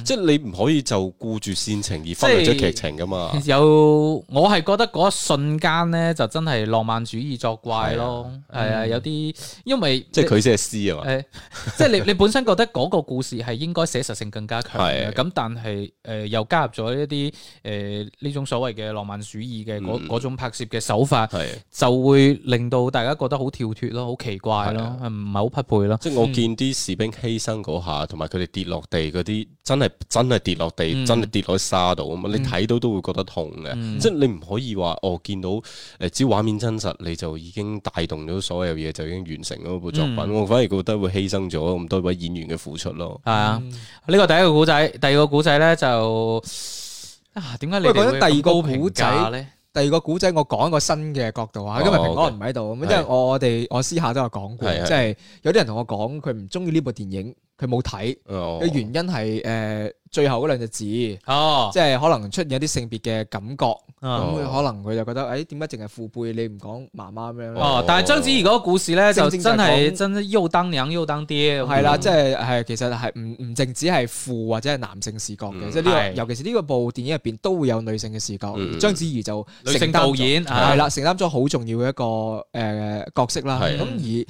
即係你。你唔可以就顧住煽情而忽略咗劇情噶嘛？有我係覺得一瞬間咧，就真係浪漫主義作怪咯。係啊，有啲因為即係佢先係詩啊嘛。誒，即係你你本身覺得嗰個故事係應該寫實性更加強嘅，咁但係誒又加入咗一啲誒呢種所謂嘅浪漫主義嘅嗰嗰種拍攝嘅手法，係就會令到大家覺得好跳脫咯，好奇怪咯，唔係好匹配咯。即係我見啲士兵犧牲嗰下，同埋佢哋跌落地嗰啲，真係真。真係跌落地，真係跌落啲沙度啊，嘛，你睇到都會覺得痛嘅，即係你唔可以話哦，見到誒，只要畫面真實，你就已經帶動咗所有嘢，就已經完成咗部作品。我反而覺得會犧牲咗咁多位演員嘅付出咯。係啊，呢個第一個古仔，第二個古仔咧就啊，點解你覺得第二個古仔？第二個古仔我講一個新嘅角度啊，因為平安唔喺度，咁即係我我哋我私下都有講過，即係有啲人同我講佢唔中意呢部電影，佢冇睇嘅原因係誒。最後嗰兩隻字，即係可能出現一啲性別嘅感覺，咁佢可能佢就覺得，誒，點解淨係父輩你唔講媽媽咩？哦，但係章子怡嗰個故事咧，就真係真係又當娘又當爹，係啦，即係係其實係唔唔淨止係父或者係男性視角嘅，即係呢個尤其是呢個部電影入邊都會有女性嘅視角，章子怡就女性導演係啦，承擔咗好重要嘅一個誒角色啦，咁而。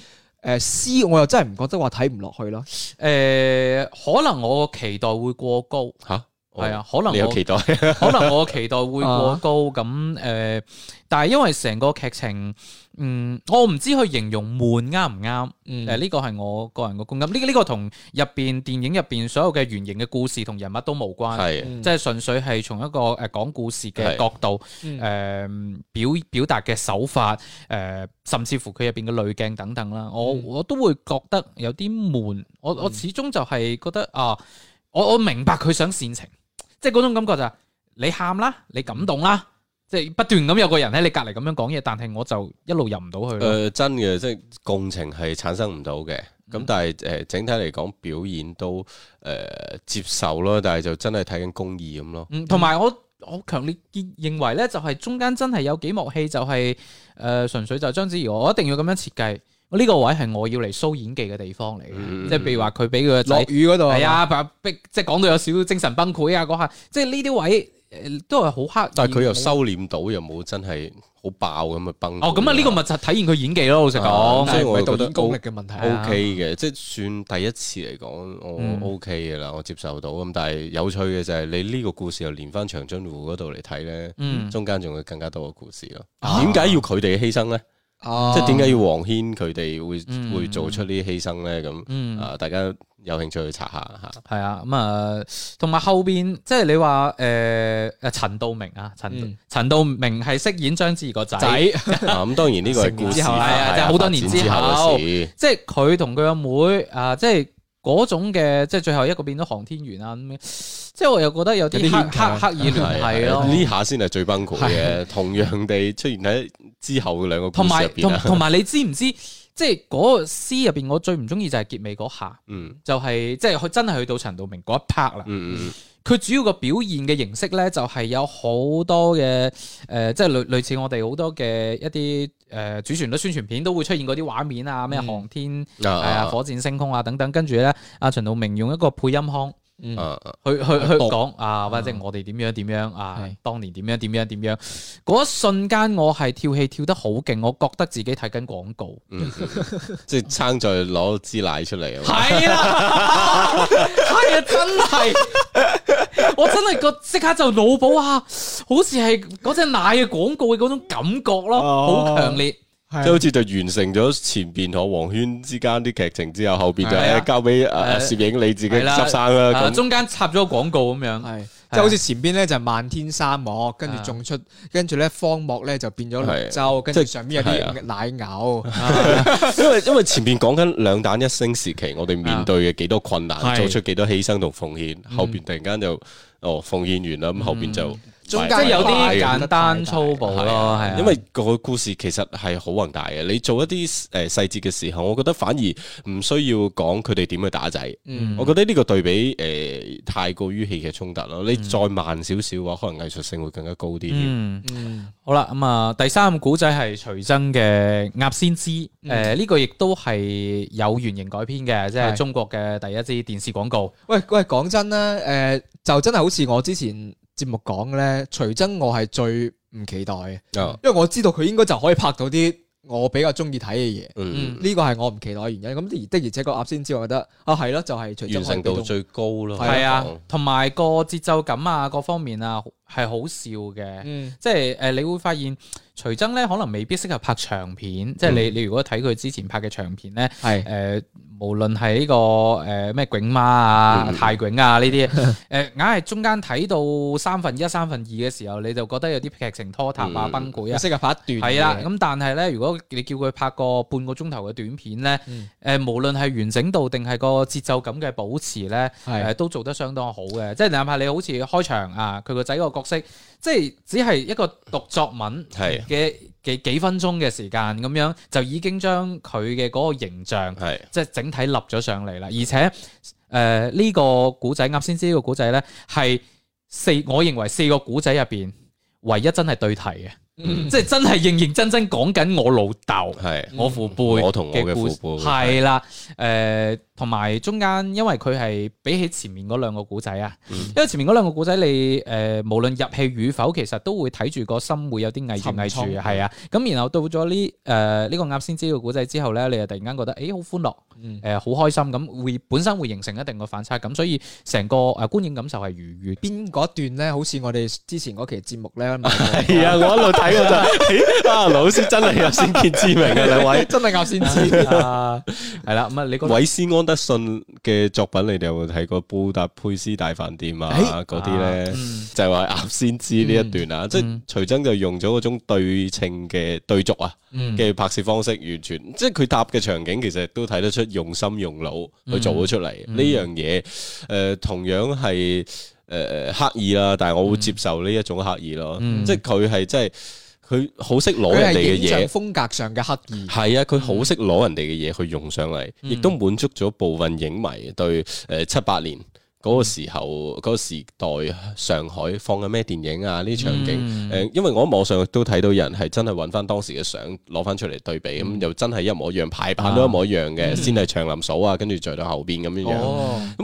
誒詩我又真係唔覺得話睇唔落去咯，誒、呃、可能我嘅期待會過高嚇。啊。係啊，可能我，你有期待，可能我期待會過高咁誒。但係因為成個劇情，嗯，我唔知去形容悶啱唔啱。誒，呢個係我個人嘅觀感。呢個呢個同入邊電影入邊所有嘅原型嘅故事同人物都無關，即係純粹係從一個誒講故事嘅角度，誒表表達嘅手法，誒，甚至乎佢入邊嘅濾鏡等等啦。我我都會覺得有啲悶。我我始終就係覺得啊，我我明白佢想煽情。即係嗰種感覺就，你喊啦，你感動啦，即係不斷咁有個人喺你隔籬咁樣講嘢，但係我就一路入唔到去。誒、呃，真嘅，即係共情係產生唔到嘅。咁但係誒、呃，整體嚟講，表演都誒、呃、接受咯。但係就真係睇緊公義咁咯，咯。同埋、嗯、我我強烈見認為咧，就係、是、中間真係有幾幕戲就係、是、誒，純、呃、粹就係章子怡，我一定要咁樣設計。呢、哦這個位係我要嚟 show 演技嘅地方嚟嘅，即係譬如話佢俾佢落雨嗰度，係啊，逼，即係講到有少少精神崩潰啊嗰下，即係呢啲位誒都係好黑。但係佢又收斂到，又冇真係好爆咁啊崩。哦，咁啊呢個咪就體現佢演技咯，嗯、老實講。所以我導演功力嘅問題。O K 嘅，即係算第一次嚟講，我 O K 嘅啦，我接受到。咁但係有趣嘅就係你呢個故事又連翻長津湖嗰度嚟睇咧，嗯、中間仲有更加多嘅故事咯。點解、啊、要佢哋犧牲咧？哦、即係點解要黃軒佢哋會會做出犧呢啲犧牲咧？咁啊、嗯，大家有興趣去查下吓。係啊、嗯，咁啊，同埋後邊即係你話誒誒陳道明啊，陳陳、嗯、道明係飾演章子怡個仔。咁當然呢個係故事，係啊，即係好多年之後，即係佢同佢阿妹啊，即係嗰種嘅，即係最後一個變咗航天員啊咁。即係我又覺得有啲刻刻意聯繫咯，呢下先係最崩潰嘅，同樣地出現喺之後嘅兩個故事入邊啦。同埋同埋，你知唔知？即係嗰個詩入邊，我最唔中意就係結尾嗰下，就係即係佢真係去到陳道明嗰一 part 啦。佢主要個表現嘅形式咧，就係有好多嘅誒，即係類類似我哋好多嘅一啲誒，主旋律宣傳片都會出現嗰啲畫面啊，咩航天啊、火箭、升空啊等等。跟住咧，阿陳道明用一個配音腔。嗯，嗯去去去講啊，或者我哋點樣點樣啊？啊啊當年點樣點樣點樣？嗰一瞬間我係跳戲跳得好勁，我覺得自己睇緊廣告，嗯、即係撐在攞支奶出嚟 啊！係啊，係啊，真係，我真係個即刻就腦補啊，好似係嗰隻奶嘅廣告嘅嗰種感覺咯，好強、啊啊、烈。即係好似就完成咗前邊同黃軒之間啲劇情之後，後邊就交俾誒攝影你自己執生啦。中間插咗個廣告咁樣，即係好似前邊咧就漫天沙漠，跟住種出，跟住咧荒漠咧就變咗綠洲，跟住上邊有啲奶牛。因為因為前邊講緊兩彈一星時期，我哋面對嘅幾多困難，做出幾多犧牲同奉獻，後邊突然間就哦奉獻完啦，咁後邊就。中間有啲簡單粗暴咯，係因為個故事其實係好宏大嘅。你做一啲誒細節嘅時候，我覺得反而唔需要講佢哋點去打仔。嗯、我覺得呢個對比誒、呃、太過於戲劇衝突咯。你再慢少少嘅話，嗯、可能藝術性會更加高啲、嗯。嗯，好啦，咁、嗯、啊，第三個古仔係徐崢嘅《鴨先知》嗯。誒、呃，呢、這個亦都係有原型改編嘅，即、就、係、是、中國嘅第一支電視廣告。喂喂，講真啦，誒、呃，就真係好似我之前。節目講咧，徐崢我係最唔期待嘅，因為我知道佢應該就可以拍到啲我比較中意睇嘅嘢。呢個係我唔期待嘅原因。咁的而的而且個鴨先知，我覺得啊係咯，就係、是、徐崢完成度最高咯的，係啊，同埋個節奏感啊，各方面啊。係好笑嘅，即係誒，你會發現徐崢咧可能未必適合拍長片，即係你你如果睇佢之前拍嘅長片咧，係誒，無論係呢個誒咩囧媽啊、泰囧啊呢啲，誒硬係中間睇到三分一、三分二嘅時候，你就覺得有啲劇情拖沓啊、崩潰啊，適合拍一段係啦。咁但係咧，如果你叫佢拍個半個鐘頭嘅短片咧，誒，無論係完整度定係個節奏感嘅保持咧，誒，都做得相當好嘅。即係你諗下，你好似開場啊，佢個仔個。角色即係只係一個讀作文嘅幾幾分鐘嘅時間咁是的 樣就已經將佢嘅嗰個形象，係，是的 即係整體立咗上嚟啦。而且誒呢、呃呢個古仔啱先知個呢個古仔咧係四我認為四個古仔入邊唯一真係對題嘅。即係真係認認真真講緊我老豆，係我父輩，我同我嘅父輩，係啦，誒，同埋中間，因爲佢係比起前面嗰兩個古仔啊，因爲前面嗰兩個古仔，你誒無論入戲與否，其實都會睇住個心會有啲翳住翳住，係啊，咁然後到咗呢誒呢個鴨先知嘅古仔之後咧，你又突然間覺得誒好歡樂，誒好開心，咁會本身會形成一定嘅反差，咁所以成個誒觀影感受係愉悅。邊嗰段咧，好似我哋之前嗰期節目咧，係啊，我一路。 啊！老師真係有先見之明啊，兩位 真係鴨先知啊，係啦。 咁啊，韋斯安德遜嘅作品，你哋有冇睇過《布達佩斯大飯店》啊？嗰啲咧就係話鴨先知呢一段啊，嗯，即係徐崢就用咗嗰種對稱嘅對軸啊嘅拍攝方式，完全即係佢搭嘅場景，其實都睇得出用心用腦去做咗出嚟。呢樣嘢誒，同樣係。誒、呃、刻意啦，但係我會接受呢一種刻意咯，嗯、即係佢係真係佢好識攞人哋嘅嘢，風格上嘅刻意係啊，佢好識攞人哋嘅嘢去用上嚟，亦、嗯、都滿足咗部分影迷對誒七八年。嗰個時候，嗰、那個時代，上海放緊咩電影啊？呢啲場景，誒、嗯，因為我喺網上都睇到人係真係揾翻當時嘅相，攞翻出嚟對比，咁、嗯、又真係一模一樣，排版都一模一樣嘅，先係長林嫂啊，跟住再到後邊咁樣樣。咁、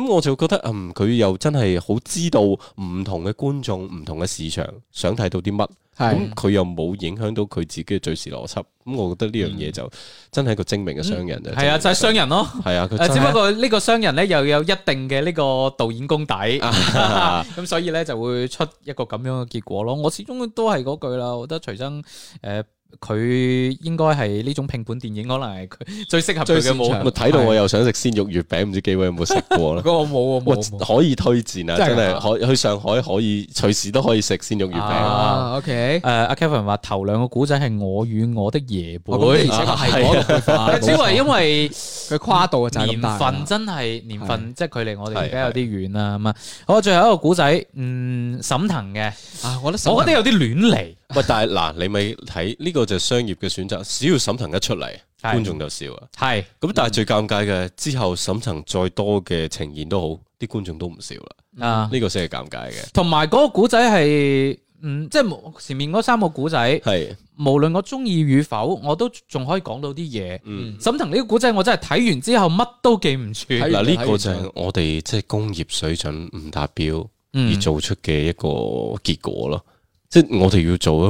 哦、我就覺得，嗯，佢又真係好知道唔同嘅觀眾、唔同嘅市場想睇到啲乜。咁佢又冇影響到佢自己嘅敘事邏輯，咁我覺得呢樣嘢就真係一個精明嘅商人就係啊，就係、是、商人咯，係 啊，只不過呢個商人咧又有一定嘅呢個導演功底，咁所以咧就會出一個咁樣嘅結果咯。我始終都係嗰句啦，我覺得徐崢誒。呃佢應該係呢種拼盤電影，可能係佢最適合佢嘅市場。睇到我又想食鮮肉月餅，唔知幾位有冇食過咧？我冇，我冇，可以推薦啊！真係可去上海可以隨時都可以食鮮肉月餅。OK，誒，阿 Kevin 話頭兩個古仔係我與我的爺輩，係我嘅古仔，主要係因為佢跨度嘅就年份真係年份，即係佢離我哋而家有啲遠啦。咁啊，好，最後一個古仔，嗯，沈騰嘅啊，我覺得我覺得有啲亂嚟。喂，但係嗱，你咪睇呢個就係商業嘅選擇，只要沈騰一出嚟，觀眾就笑啊。係咁，但係最尷尬嘅之後，沈騰再多嘅呈現都好，啲觀眾都唔笑啦。啊，呢個先係尷尬嘅。同埋嗰個古仔係，嗯，即係前面嗰三個古仔係，無論我中意與否，我都仲可以講到啲嘢。沈騰呢個古仔，我真係睇完之後乜都記唔住。嗱，呢個就係我哋即係工業水準唔達標而做出嘅一個結果咯。即係我哋要做一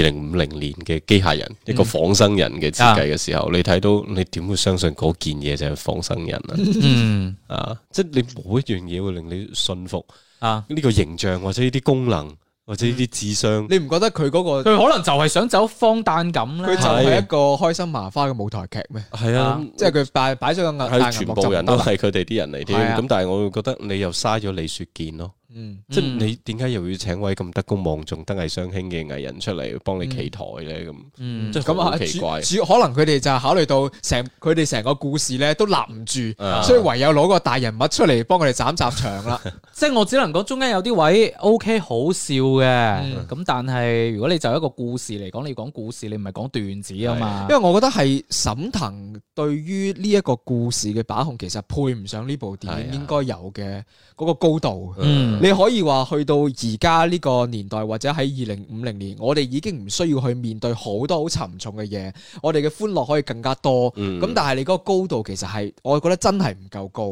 個二零五零年嘅機械人，一個仿生人嘅設計嘅時候，嗯啊、你睇到你點會相信嗰件嘢就係仿生人啊？嗯、啊，即係你冇一樣嘢會令你信服啊？呢個形象或者呢啲功能或者呢啲智商，嗯、你唔覺得佢嗰、嗰個佢可能就係想走荒誕感？佢就係、是、一個開心麻花嘅舞台劇咩？係啊，啊即係佢擺擺咗個銀幕，全部人都係佢哋啲人嚟添。咁是、啊、但係我會覺得你又嘥咗李雪健咯。嗯，即係你點解又要請位咁德高望重、德藝雙馨嘅藝人出嚟幫你企台咧？咁，嗯，咁啊，奇怪，可能佢哋就考慮到成佢哋成個故事咧都立唔住，所以唯有攞個大人物出嚟幫佢哋斬雜場啦。即係我只能講中間有啲位 O K 好笑嘅，咁但係如果你就一個故事嚟講，你要講故事你唔係講段子啊嘛。因為我覺得係沈騰對於呢一個故事嘅把控，其實配唔上呢部電影應該有嘅嗰個高度。嗯。你可以話去到而家呢個年代，或者喺二零五零年，我哋已經唔需要去面對好多好沉重嘅嘢，我哋嘅歡樂可以更加多。咁、嗯、但係你嗰個高度其實係，我覺得真係唔夠高。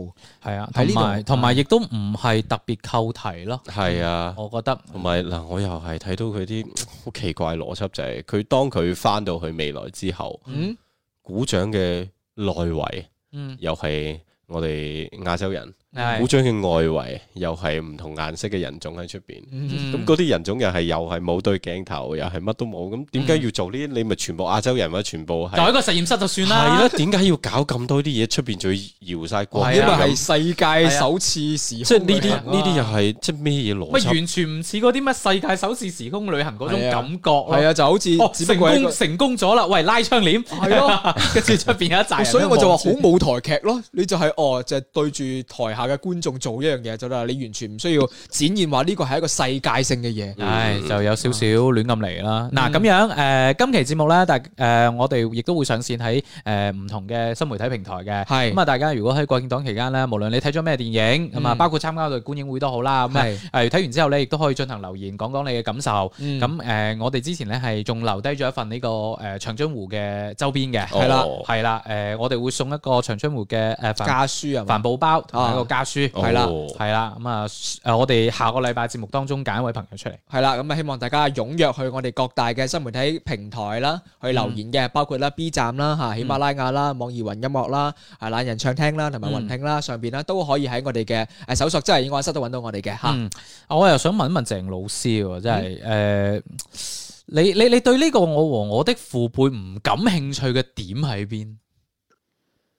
係啊、嗯，喺呢度，同埋同埋亦都唔係特別扣題咯。係啊，我覺得同埋嗱，我又係睇到佢啲好奇怪邏輯，就係、是、佢當佢返到去未來之後，嗯、鼓掌嘅內圍，嗯，又係我哋亞洲人。好中意外圍，又係唔同顏色嘅人種喺出邊，咁嗰啲人種又係又係冇對鏡頭，又係乜都冇，咁點解要做呢？你咪全部亞洲人，或者全部就一個實驗室就算啦。係啦，點解要搞咁多啲嘢？出邊仲要搖晒光，因為係世界首次時空即係呢啲呢啲又係即係咩嘢？完全唔似嗰啲乜世界首次時空旅行嗰種感覺。係啊，就好似成功咗啦！喂，拉窗簾，係咯，跟住出邊有一紮人。所以我就話好舞台劇咯，你就係哦，就係對住台下嘅觀眾做一樣嘢就得，你完全唔需要展現話呢個係一個世界性嘅嘢，係就有少少亂噏嚟啦。嗱、啊、咁樣誒、呃，今期節目咧，大誒我哋亦都會上線喺誒唔同嘅新媒體平台嘅，係咁啊！大家如果喺國慶檔期間咧，無論你睇咗咩電影，咁啊、嗯、包括參加到觀影會都好啦，係誒睇完之後咧，亦都可以進行留言講講你嘅感受。咁誒，我哋之前咧係仲留低咗一份呢個誒長津湖嘅周邊嘅，係啦係啦誒，我哋會送一個長津湖嘅誒、呃、家書啊帆布包同埋一個家書係啦，係啦、哦，咁啊，誒，我哋下個禮拜節目當中揀一位朋友出嚟，係啦，咁啊，希望大家踴躍去我哋各大嘅新媒體平台啦，去留言嘅，嗯、包括啦 B 站啦吓，嗯、喜馬拉雅啦，網易雲音樂啦，係懶、嗯啊、人唱廳聽啦，同埋雲聽啦，上邊啦都可以喺我哋嘅誒搜索真係映畫室都揾到我哋嘅吓。我又想問一問鄭老師，真係誒、嗯呃，你你你對呢個我和我的父輩唔感興趣嘅點喺邊？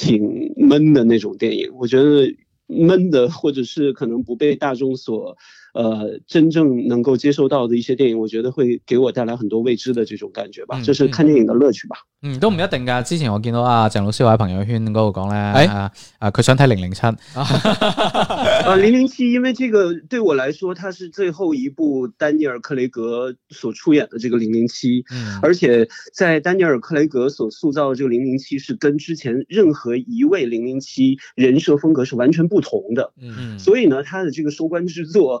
挺悶的那種電影，我覺得悶的，或者是可能不被大眾所。呃，真正能夠接受到的一些電影，我覺得會給我帶來很多未知的這種感覺吧，嗯嗯、就是看電影的樂趣吧。嗯，都唔一定㗎。之前我見到啊，鄭老師喺朋友圈嗰度講咧，哎啊，佢想睇《零零七》啊，想 007, 呃《零零七》因為這個對我來說，它是最後一部丹尼爾·克雷格所出演的這個《零零七》，而且在丹尼爾·克雷格所塑造的這個《零零七》是跟之前任何一位《零零七》人設風格是完全不同的。嗯、所以呢，它的這個收官之作。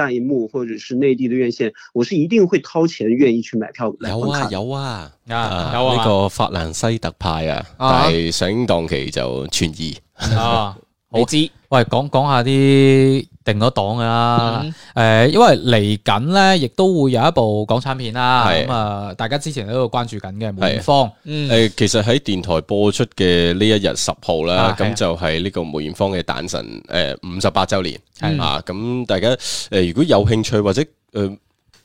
大銀幕，或者是內地的院線，我是一定會掏錢，願意去買票來看。有啊，有啊，啊，有啊，呢、啊啊、個法蘭西特派啊，啊，但係上檔期就全二、啊。 你知？喂，講講下啲定咗檔啦。誒、嗯，因為嚟緊咧，亦都會有一部港產片啦。咁啊的，大家之前喺度關注緊嘅梅艷芳。誒、嗯，其實喺電台播出嘅呢一日十號啦，咁、啊、就係呢個梅艷芳嘅誕辰誒五十八周年係嘛？咁的、啊、大家誒、呃、如果有興趣或者誒。呃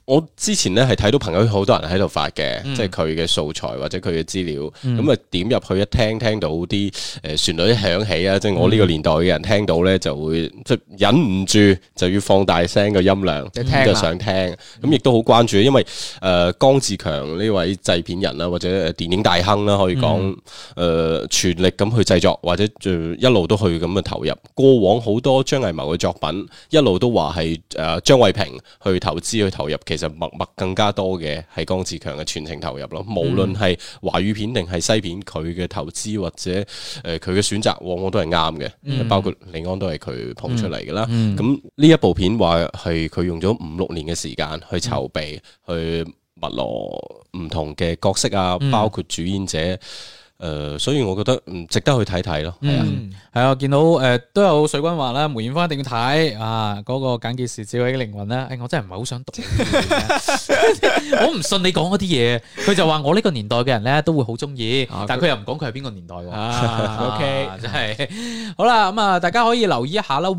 我之前咧係睇到朋友好多人喺度發嘅，嗯、即係佢嘅素材或者佢嘅資料，咁啊、嗯、點入去一聽聽到啲誒旋律響起啊！即係、嗯、我呢個年代嘅人聽到咧，就會即係忍唔住就要放大聲嘅音量，就聽就想聽，咁亦、嗯嗯、都好關注，因為誒、呃、江志強呢位製片人啊或者電影大亨啦，可以講誒、嗯呃、全力咁去製作，或者就一路都去咁嘅投入。過往好多張藝謀嘅作品，一路都話係誒張偉平去投資去，去投入其實默默更加多嘅係江志強嘅全程投入咯，嗯、無論係華語片定係西片，佢嘅投資或者誒佢嘅選擇往往都係啱嘅。嗯、包括李安都係佢捧出嚟嘅啦。咁呢、嗯、一部片話係佢用咗五六年嘅時間去籌備，嗯、去物羅唔同嘅角色啊，包括主演者。嗯嗯誒、呃，所以我覺得唔值得去睇睇咯。嗯，係啊，嗯、見到誒、呃，都有水軍話啦，梅艷芳一定要睇啊，嗰、那個簡潔是智慧嘅靈魂咧。哎，我真係唔係好想讀。 我唔信你講嗰啲嘢，佢就話我呢個年代嘅人咧都會好中意，啊、但係佢又唔講佢係邊個年代。O K，真係好啦，咁啊，大家可以留意一下啦。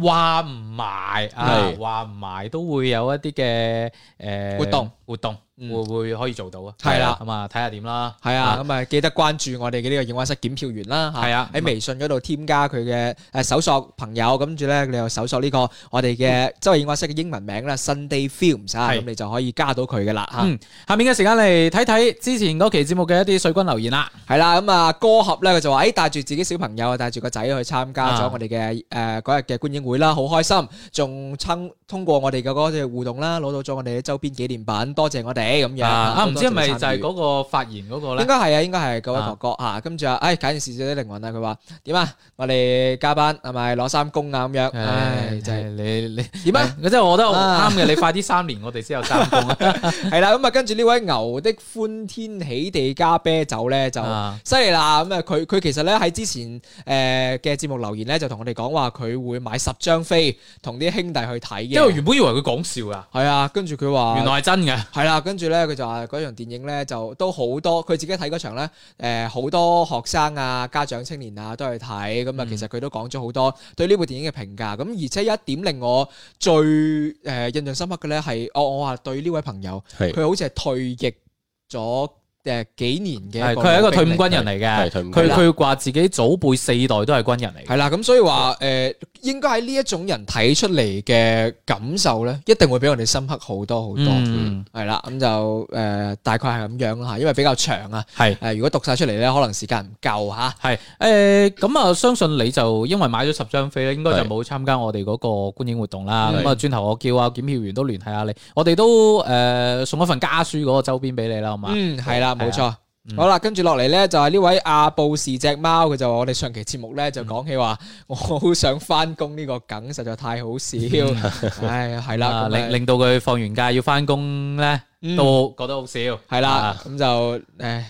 賣啊，話唔賣都會有一啲嘅，誒活動活動，會唔會可以做到啊？係啦，咁啊睇下點啦。係啊，咁啊記得關注我哋嘅呢個映畫室檢票員啦吓。係啊，喺微信嗰度添加佢嘅，誒搜索朋友，跟住咧你又搜索呢個我哋嘅周日映畫室嘅英文名啦，Sunday Films 啊，咁你就可以加到佢噶啦吓。嗯，下面嘅時間嚟，睇睇之前嗰期節目嘅一啲水軍留言啦。係啦，咁啊歌合咧佢就話誒帶住自己小朋友啊，帶住個仔去參加咗我哋嘅誒嗰日嘅觀影會啦，好開心。仲趁通過我哋嘅嗰隻互動啦，攞到咗我哋嘅周邊紀念品，多謝我哋咁樣。啊，唔知係咪就係嗰個發言嗰個咧？應該係啊，應該係各位哥哥吓。跟住啊，唉，搞掂事少啲靈魂啊！佢話點啊？我哋加班係咪攞三公啊？咁樣唉，就係你你點啊？真係我覺得好啱嘅，你快啲三年我哋先有三公啊！係啦，咁啊，跟住呢位牛的歡天喜地加啤酒咧就犀利啦！咁啊，佢佢其實咧喺之前誒嘅節目留言咧就同我哋講話佢會買十張飛。同啲兄弟去睇嘅，因為原本以為佢講笑㗎，係啊，跟住佢話原來係真嘅，係啦、啊，跟住咧佢就話嗰場電影咧就都好多，佢自己睇嗰場咧，誒、呃、好多學生啊、家長、青年啊都去睇，咁啊其實佢都講咗好多對呢部電影嘅評價，咁而且一點令我最誒、呃、印象深刻嘅咧係，我我話對呢位朋友，佢是好似係退役咗。誒幾年嘅，佢係一個退伍軍人嚟嘅，佢佢話自己祖輩四代都係軍人嚟嘅，係啦。咁所以話誒、呃，應該喺呢一種人睇出嚟嘅感受咧，一定會比我哋深刻好多好多。係啦、嗯，咁就誒、呃、大概係咁樣啦嚇，因為比較長啊。係是如果讀晒出嚟咧，可能時間唔夠嚇。係誒，咁啊，呃、我相信你就因為買咗十張飛咧，應該就冇參加我哋嗰個觀影活動啦。咁啊是，轉頭、嗯、我叫阿檢票員都聯繫下你，我哋都誒送一份家書嗰個周邊俾你啦，好嘛？嗯，係啦。冇錯，錯嗯、好啦，跟住落嚟咧就係呢位阿布士隻貓，佢就話我哋上期節目咧就講起話，我好想翻工呢個梗實在太好笑，唉係啦，令令到佢放完假要翻工咧。都覺得好少，係啦，咁就誒，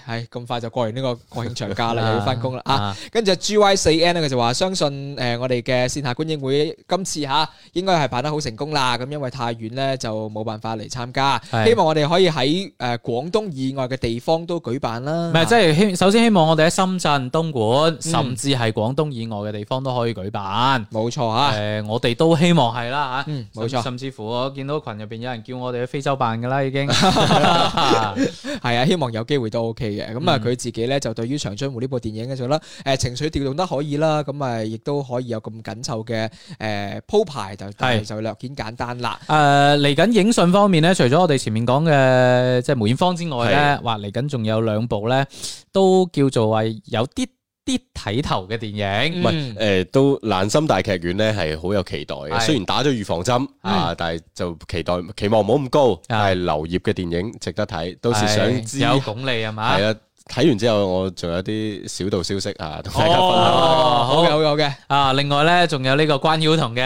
係咁快就過完呢個國慶長假啦，又要翻工啦啊！跟住 G Y 四 N 咧，佢就話相信誒我哋嘅線下觀影會今次嚇應該係辦得好成功啦。咁因為太遠咧，就冇辦法嚟參加。希望我哋可以喺誒廣東以外嘅地方都舉辦啦。唔係，即係希首先希望我哋喺深圳、東莞，甚至係廣東以外嘅地方都可以舉辦。冇錯啊！誒，我哋都希望係啦嚇。冇錯，甚至乎我見到羣入邊有人叫我哋去非洲辦㗎啦，已經。係 啊，希望有機會都 OK 嘅。咁、嗯、啊，佢、嗯、自己咧就對於長津湖呢部電影嘅時候咧，誒、呃、情緒調動得可以啦，咁啊亦都可以有咁緊湊嘅誒鋪排，就就略顯簡，簡單啦。誒嚟緊影訊方面咧，除咗我哋前面講嘅即係梅艷芳之外咧，話嚟緊仲有兩部咧，都叫做係有啲。啲睇頭嘅電影，唔係，誒，都蘭心大劇院咧係好有期待嘅。雖然打咗預防針啊，但係就期待期望唔好咁高，但係劉燁嘅電影值得睇。到時想知有鞏俐係嘛？係啊，睇完之後我仲有啲小道消息啊，同大家分享。哦，好嘅，好嘅。啊，另外咧仲有呢個關曉彤嘅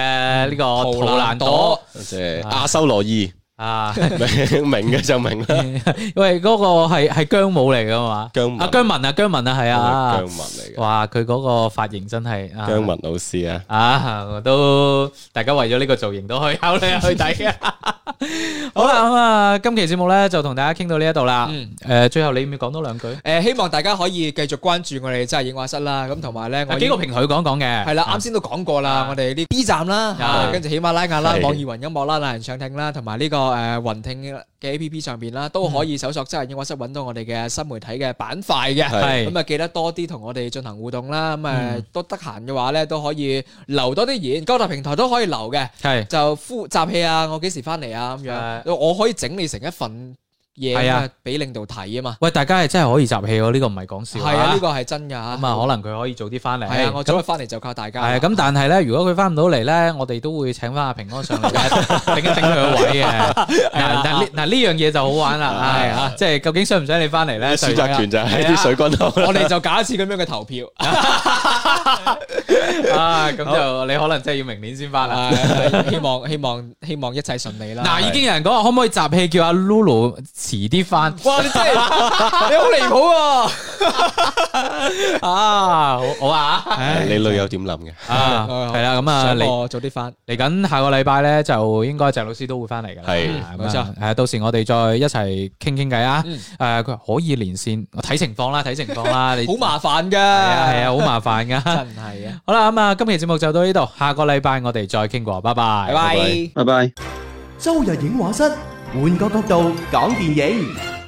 呢個《圖蘭朵》阿修羅二。啊，明嘅就明啦。喂，嗰個係係姜武嚟噶嘛？姜文啊，姜文啊，姜文啊，係啊。姜文嚟嘅。哇，佢嗰個髮型真係姜文老師啊！啊，都大家為咗呢個造型都可以考慮去睇嘅。好啦，咁啊，今期節目咧就同大家傾到呢一度啦。誒，最後你要唔要講多兩句？誒，希望大家可以繼續關注我哋真係映畫室啦。咁同埋咧，我幾個平台講講嘅。係啦，啱先都講過啦，我哋呢 B 站啦，跟住喜馬拉雅啦，網易雲音樂啦，懶人暢聽啦，同埋呢個。誒、呃、雲聽嘅 A P P 上邊啦，都可以搜索真係映畫室揾到我哋嘅新媒體嘅板塊嘅，咁啊、嗯、記得多啲同我哋進行互動啦，咁啊都得閒嘅話咧，都可以留多啲言，各大平台都可以留嘅，係、嗯、就呼集氣啊，我幾時翻嚟啊咁、嗯、樣，我可以整理成一份。嘢啊！俾領導睇啊嘛！喂，大家係真係可以集氣哦，呢個唔係講笑。係啊，呢個係真噶，咁啊，可能佢可以早啲翻嚟。係啊，我早啲翻嚟就靠大家。係咁，但係咧，如果佢翻唔到嚟咧，我哋都會請翻阿平安上嚟嘅，頂一頂佢個位嘅。嗱嗱，呢嗱呢樣嘢就好玩啦，係啊，即係究竟想唔想你翻嚟咧？選擇權就喺啲水軍度。我哋就搞一次咁樣嘅投票。啊，咁就你可能真係要明年先翻啦。希望希望希望一切順利啦。嗱，已經有人講話可唔可以集氣叫阿 Lulu？遲啲翻，哇！你真係你好離譜喎！啊，好啊，你女友點諗嘅？啊，係啦，咁啊，你早啲翻，嚟緊下個禮拜咧，就應該鄭老師都會翻嚟噶啦。係，冇錯。係啊，到時我哋再一齊傾傾偈啊。誒，佢可以連線，我睇情況啦，睇情況啦。你好麻煩噶，係啊，好麻煩噶，真係啊。好啦，咁啊，今日節目就到呢度，下個禮拜我哋再傾過，拜拜，拜拜，拜拜。周日影畫室。換個角度講電影。